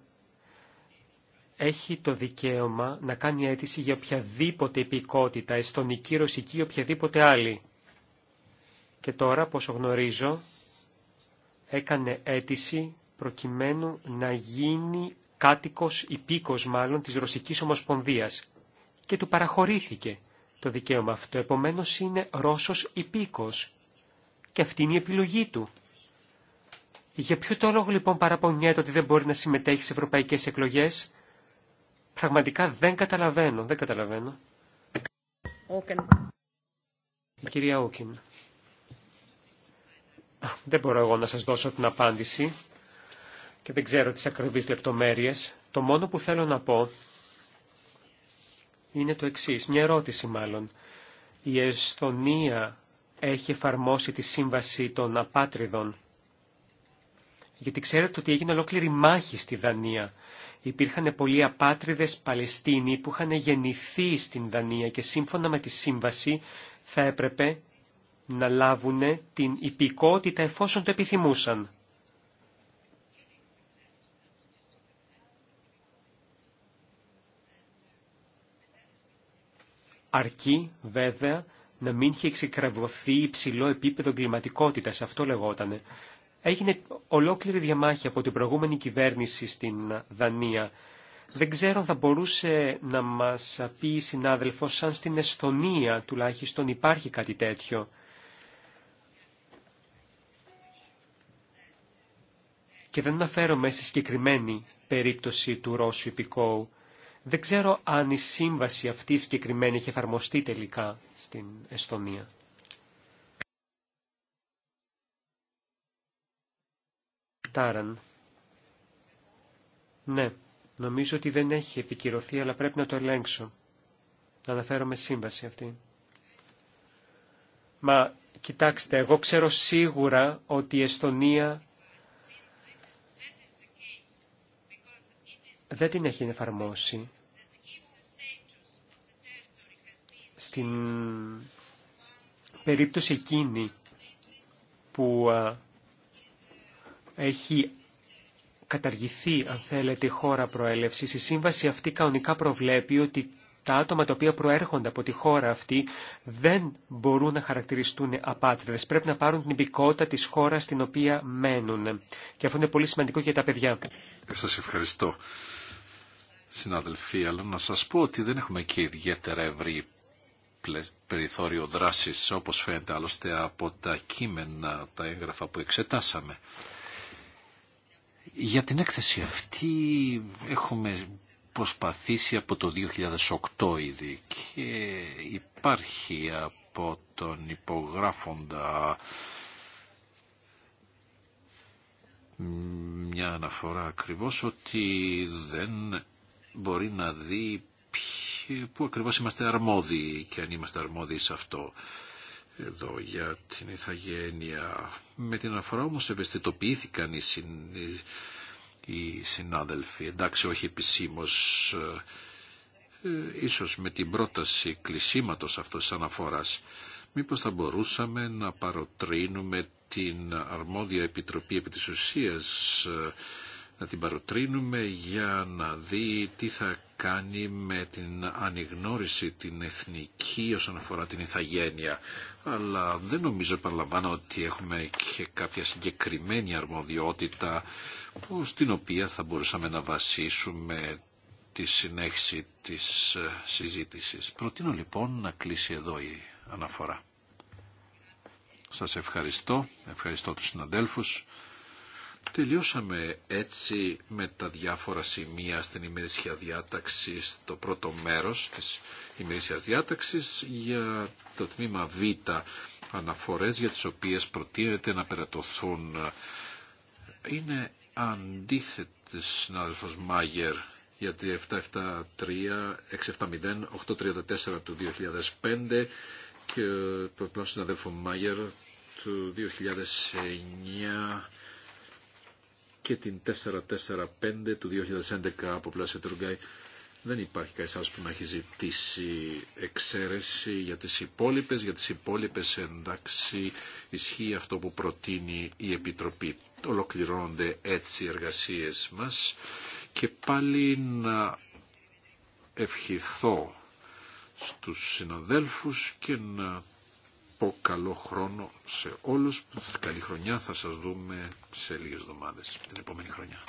έχει το δικαίωμα να κάνει αίτηση για οποιαδήποτε υπηκότητα, εστονική, ρωσική ή οποιαδήποτε άλλη. Και τώρα, πόσο γνωρίζω, έκανε αίτηση προκειμένου να γίνει κάτοικος, υπήκος μάλλον, της Ρωσικής Ομοσπονδίας και του παραχωρήθηκε το δικαίωμα αυτό. Επομένως είναι Ρώσος υπήκος και αυτή είναι η επιλογή του. Για ποιο το λόγο λοιπόν παραπονιέται ότι δεν μπορεί να συμμετέχει σε ευρωπαϊκές εκλογές. Πραγματικά δεν καταλαβαίνω, δεν καταλαβαίνω. Όκεν. κυρία Όκεν. Δεν μπορώ εγώ να σας δώσω την απάντηση και δεν ξέρω τις ακριβείς λεπτομέρειες. Το μόνο που θέλω να πω είναι το εξής, μια ερώτηση μάλλον. Η Εστονία έχει εφαρμόσει τη σύμβαση των απάτριδων γιατί ξέρετε ότι έγινε ολόκληρη μάχη στη Δανία. Υπήρχαν πολλοί απάτριδες Παλαιστίνοι που είχαν γεννηθεί στην Δανία και σύμφωνα με τη σύμβαση θα έπρεπε να λάβουν την υπηκότητα εφόσον το επιθυμούσαν. Αρκεί βέβαια να μην είχε εξεκραβωθεί υψηλό επίπεδο κλιματικότητας, αυτό λεγότανε. Έγινε ολόκληρη διαμάχη από την προηγούμενη κυβέρνηση στην Δανία. Δεν ξέρω αν θα μπορούσε να μας πει η συνάδελφος αν στην Εστονία τουλάχιστον υπάρχει κάτι τέτοιο. Και δεν αναφέρομαι στη συγκεκριμένη περίπτωση του Ρώσου υπηκόου. Δεν ξέρω αν η σύμβαση αυτή συγκεκριμένη έχει εφαρμοστεί τελικά στην Εστονία. Ναι, νομίζω ότι δεν έχει επικυρωθεί, αλλά πρέπει να το ελέγξω. Να αναφέρω με σύμβαση αυτή. Μα κοιτάξτε, εγώ ξέρω σίγουρα ότι η Εστονία δεν την έχει εφαρμόσει. Στην περίπτωση εκείνη που έχει καταργηθεί, αν θέλετε, η χώρα προέλευση. Η σύμβαση αυτή κανονικά προβλέπει ότι τα άτομα τα οποία προέρχονται από τη χώρα αυτή δεν μπορούν να χαρακτηριστούν απάτριδες. Πρέπει να πάρουν την υπηκότητα της χώρας στην οποία μένουν. Και αυτό είναι πολύ σημαντικό για τα παιδιά. Ε, σας ευχαριστώ. Συναδελφοί, αλλά να σας πω ότι δεν έχουμε και ιδιαίτερα ευρύ περιθώριο δράσης, όπως φαίνεται άλλωστε από τα κείμενα, τα έγγραφα που εξετάσαμε. Για την έκθεση αυτή έχουμε προσπαθήσει από το 2008 ήδη και υπάρχει από τον υπογράφοντα μια αναφορά ακριβώς ότι δεν μπορεί να δει πού ακριβώς είμαστε αρμόδιοι και αν είμαστε αρμόδιοι σε αυτό εδώ για την Ιθαγένεια. Με την αφορά όμως ευαισθητοποιήθηκαν οι, συν, οι συνάδελφοι, εντάξει όχι επισήμως, ε, ίσως με την πρόταση κλεισίματος αυτός της αναφοράς. Μήπως θα μπορούσαμε να παροτρύνουμε την αρμόδια επιτροπή επί της ουσίας, ε, να την παροτρύνουμε για να δει τι θα κάνει με την ανιγνώριση την εθνική όσον αφορά την ηθαγένεια. Αλλά δεν νομίζω, επαναλαμβάνω, ότι έχουμε και κάποια συγκεκριμένη αρμοδιότητα στην οποία θα μπορούσαμε να βασίσουμε τη συνέχιση της ε, συζήτησης. Προτείνω λοιπόν να κλείσει εδώ η αναφορά. Σας ευχαριστώ, ευχαριστώ τους συναδέλφους. Τελειώσαμε έτσι με τα διάφορα σημεία στην ημερήσια διάταξη, στο πρώτο μέρος της ημερήσιας διάταξης για το τμήμα Β αναφορές για τις οποίες προτείνεται να περατωθούν. Είναι αντίθετη συνάδελφος Μάγερ για τη 773, 670, 834 του 2005 και το πλάνο συναδέλφου Μάγερ του 2009 και την 445 του 2011 από πλάσια Τουργκάη. Δεν υπάρχει κανείς άλλος που να έχει ζητήσει εξαίρεση για τις υπόλοιπες. Για τις υπόλοιπες εντάξει ισχύει αυτό που προτείνει η Επιτροπή. Ολοκληρώνονται έτσι οι εργασίες μας και πάλι να ευχηθώ στους συναδέλφους και να πω καλό χρόνο σε όλους. Καλή χρονιά θα σας δούμε σε λίγες εβδομάδες την επόμενη χρονιά.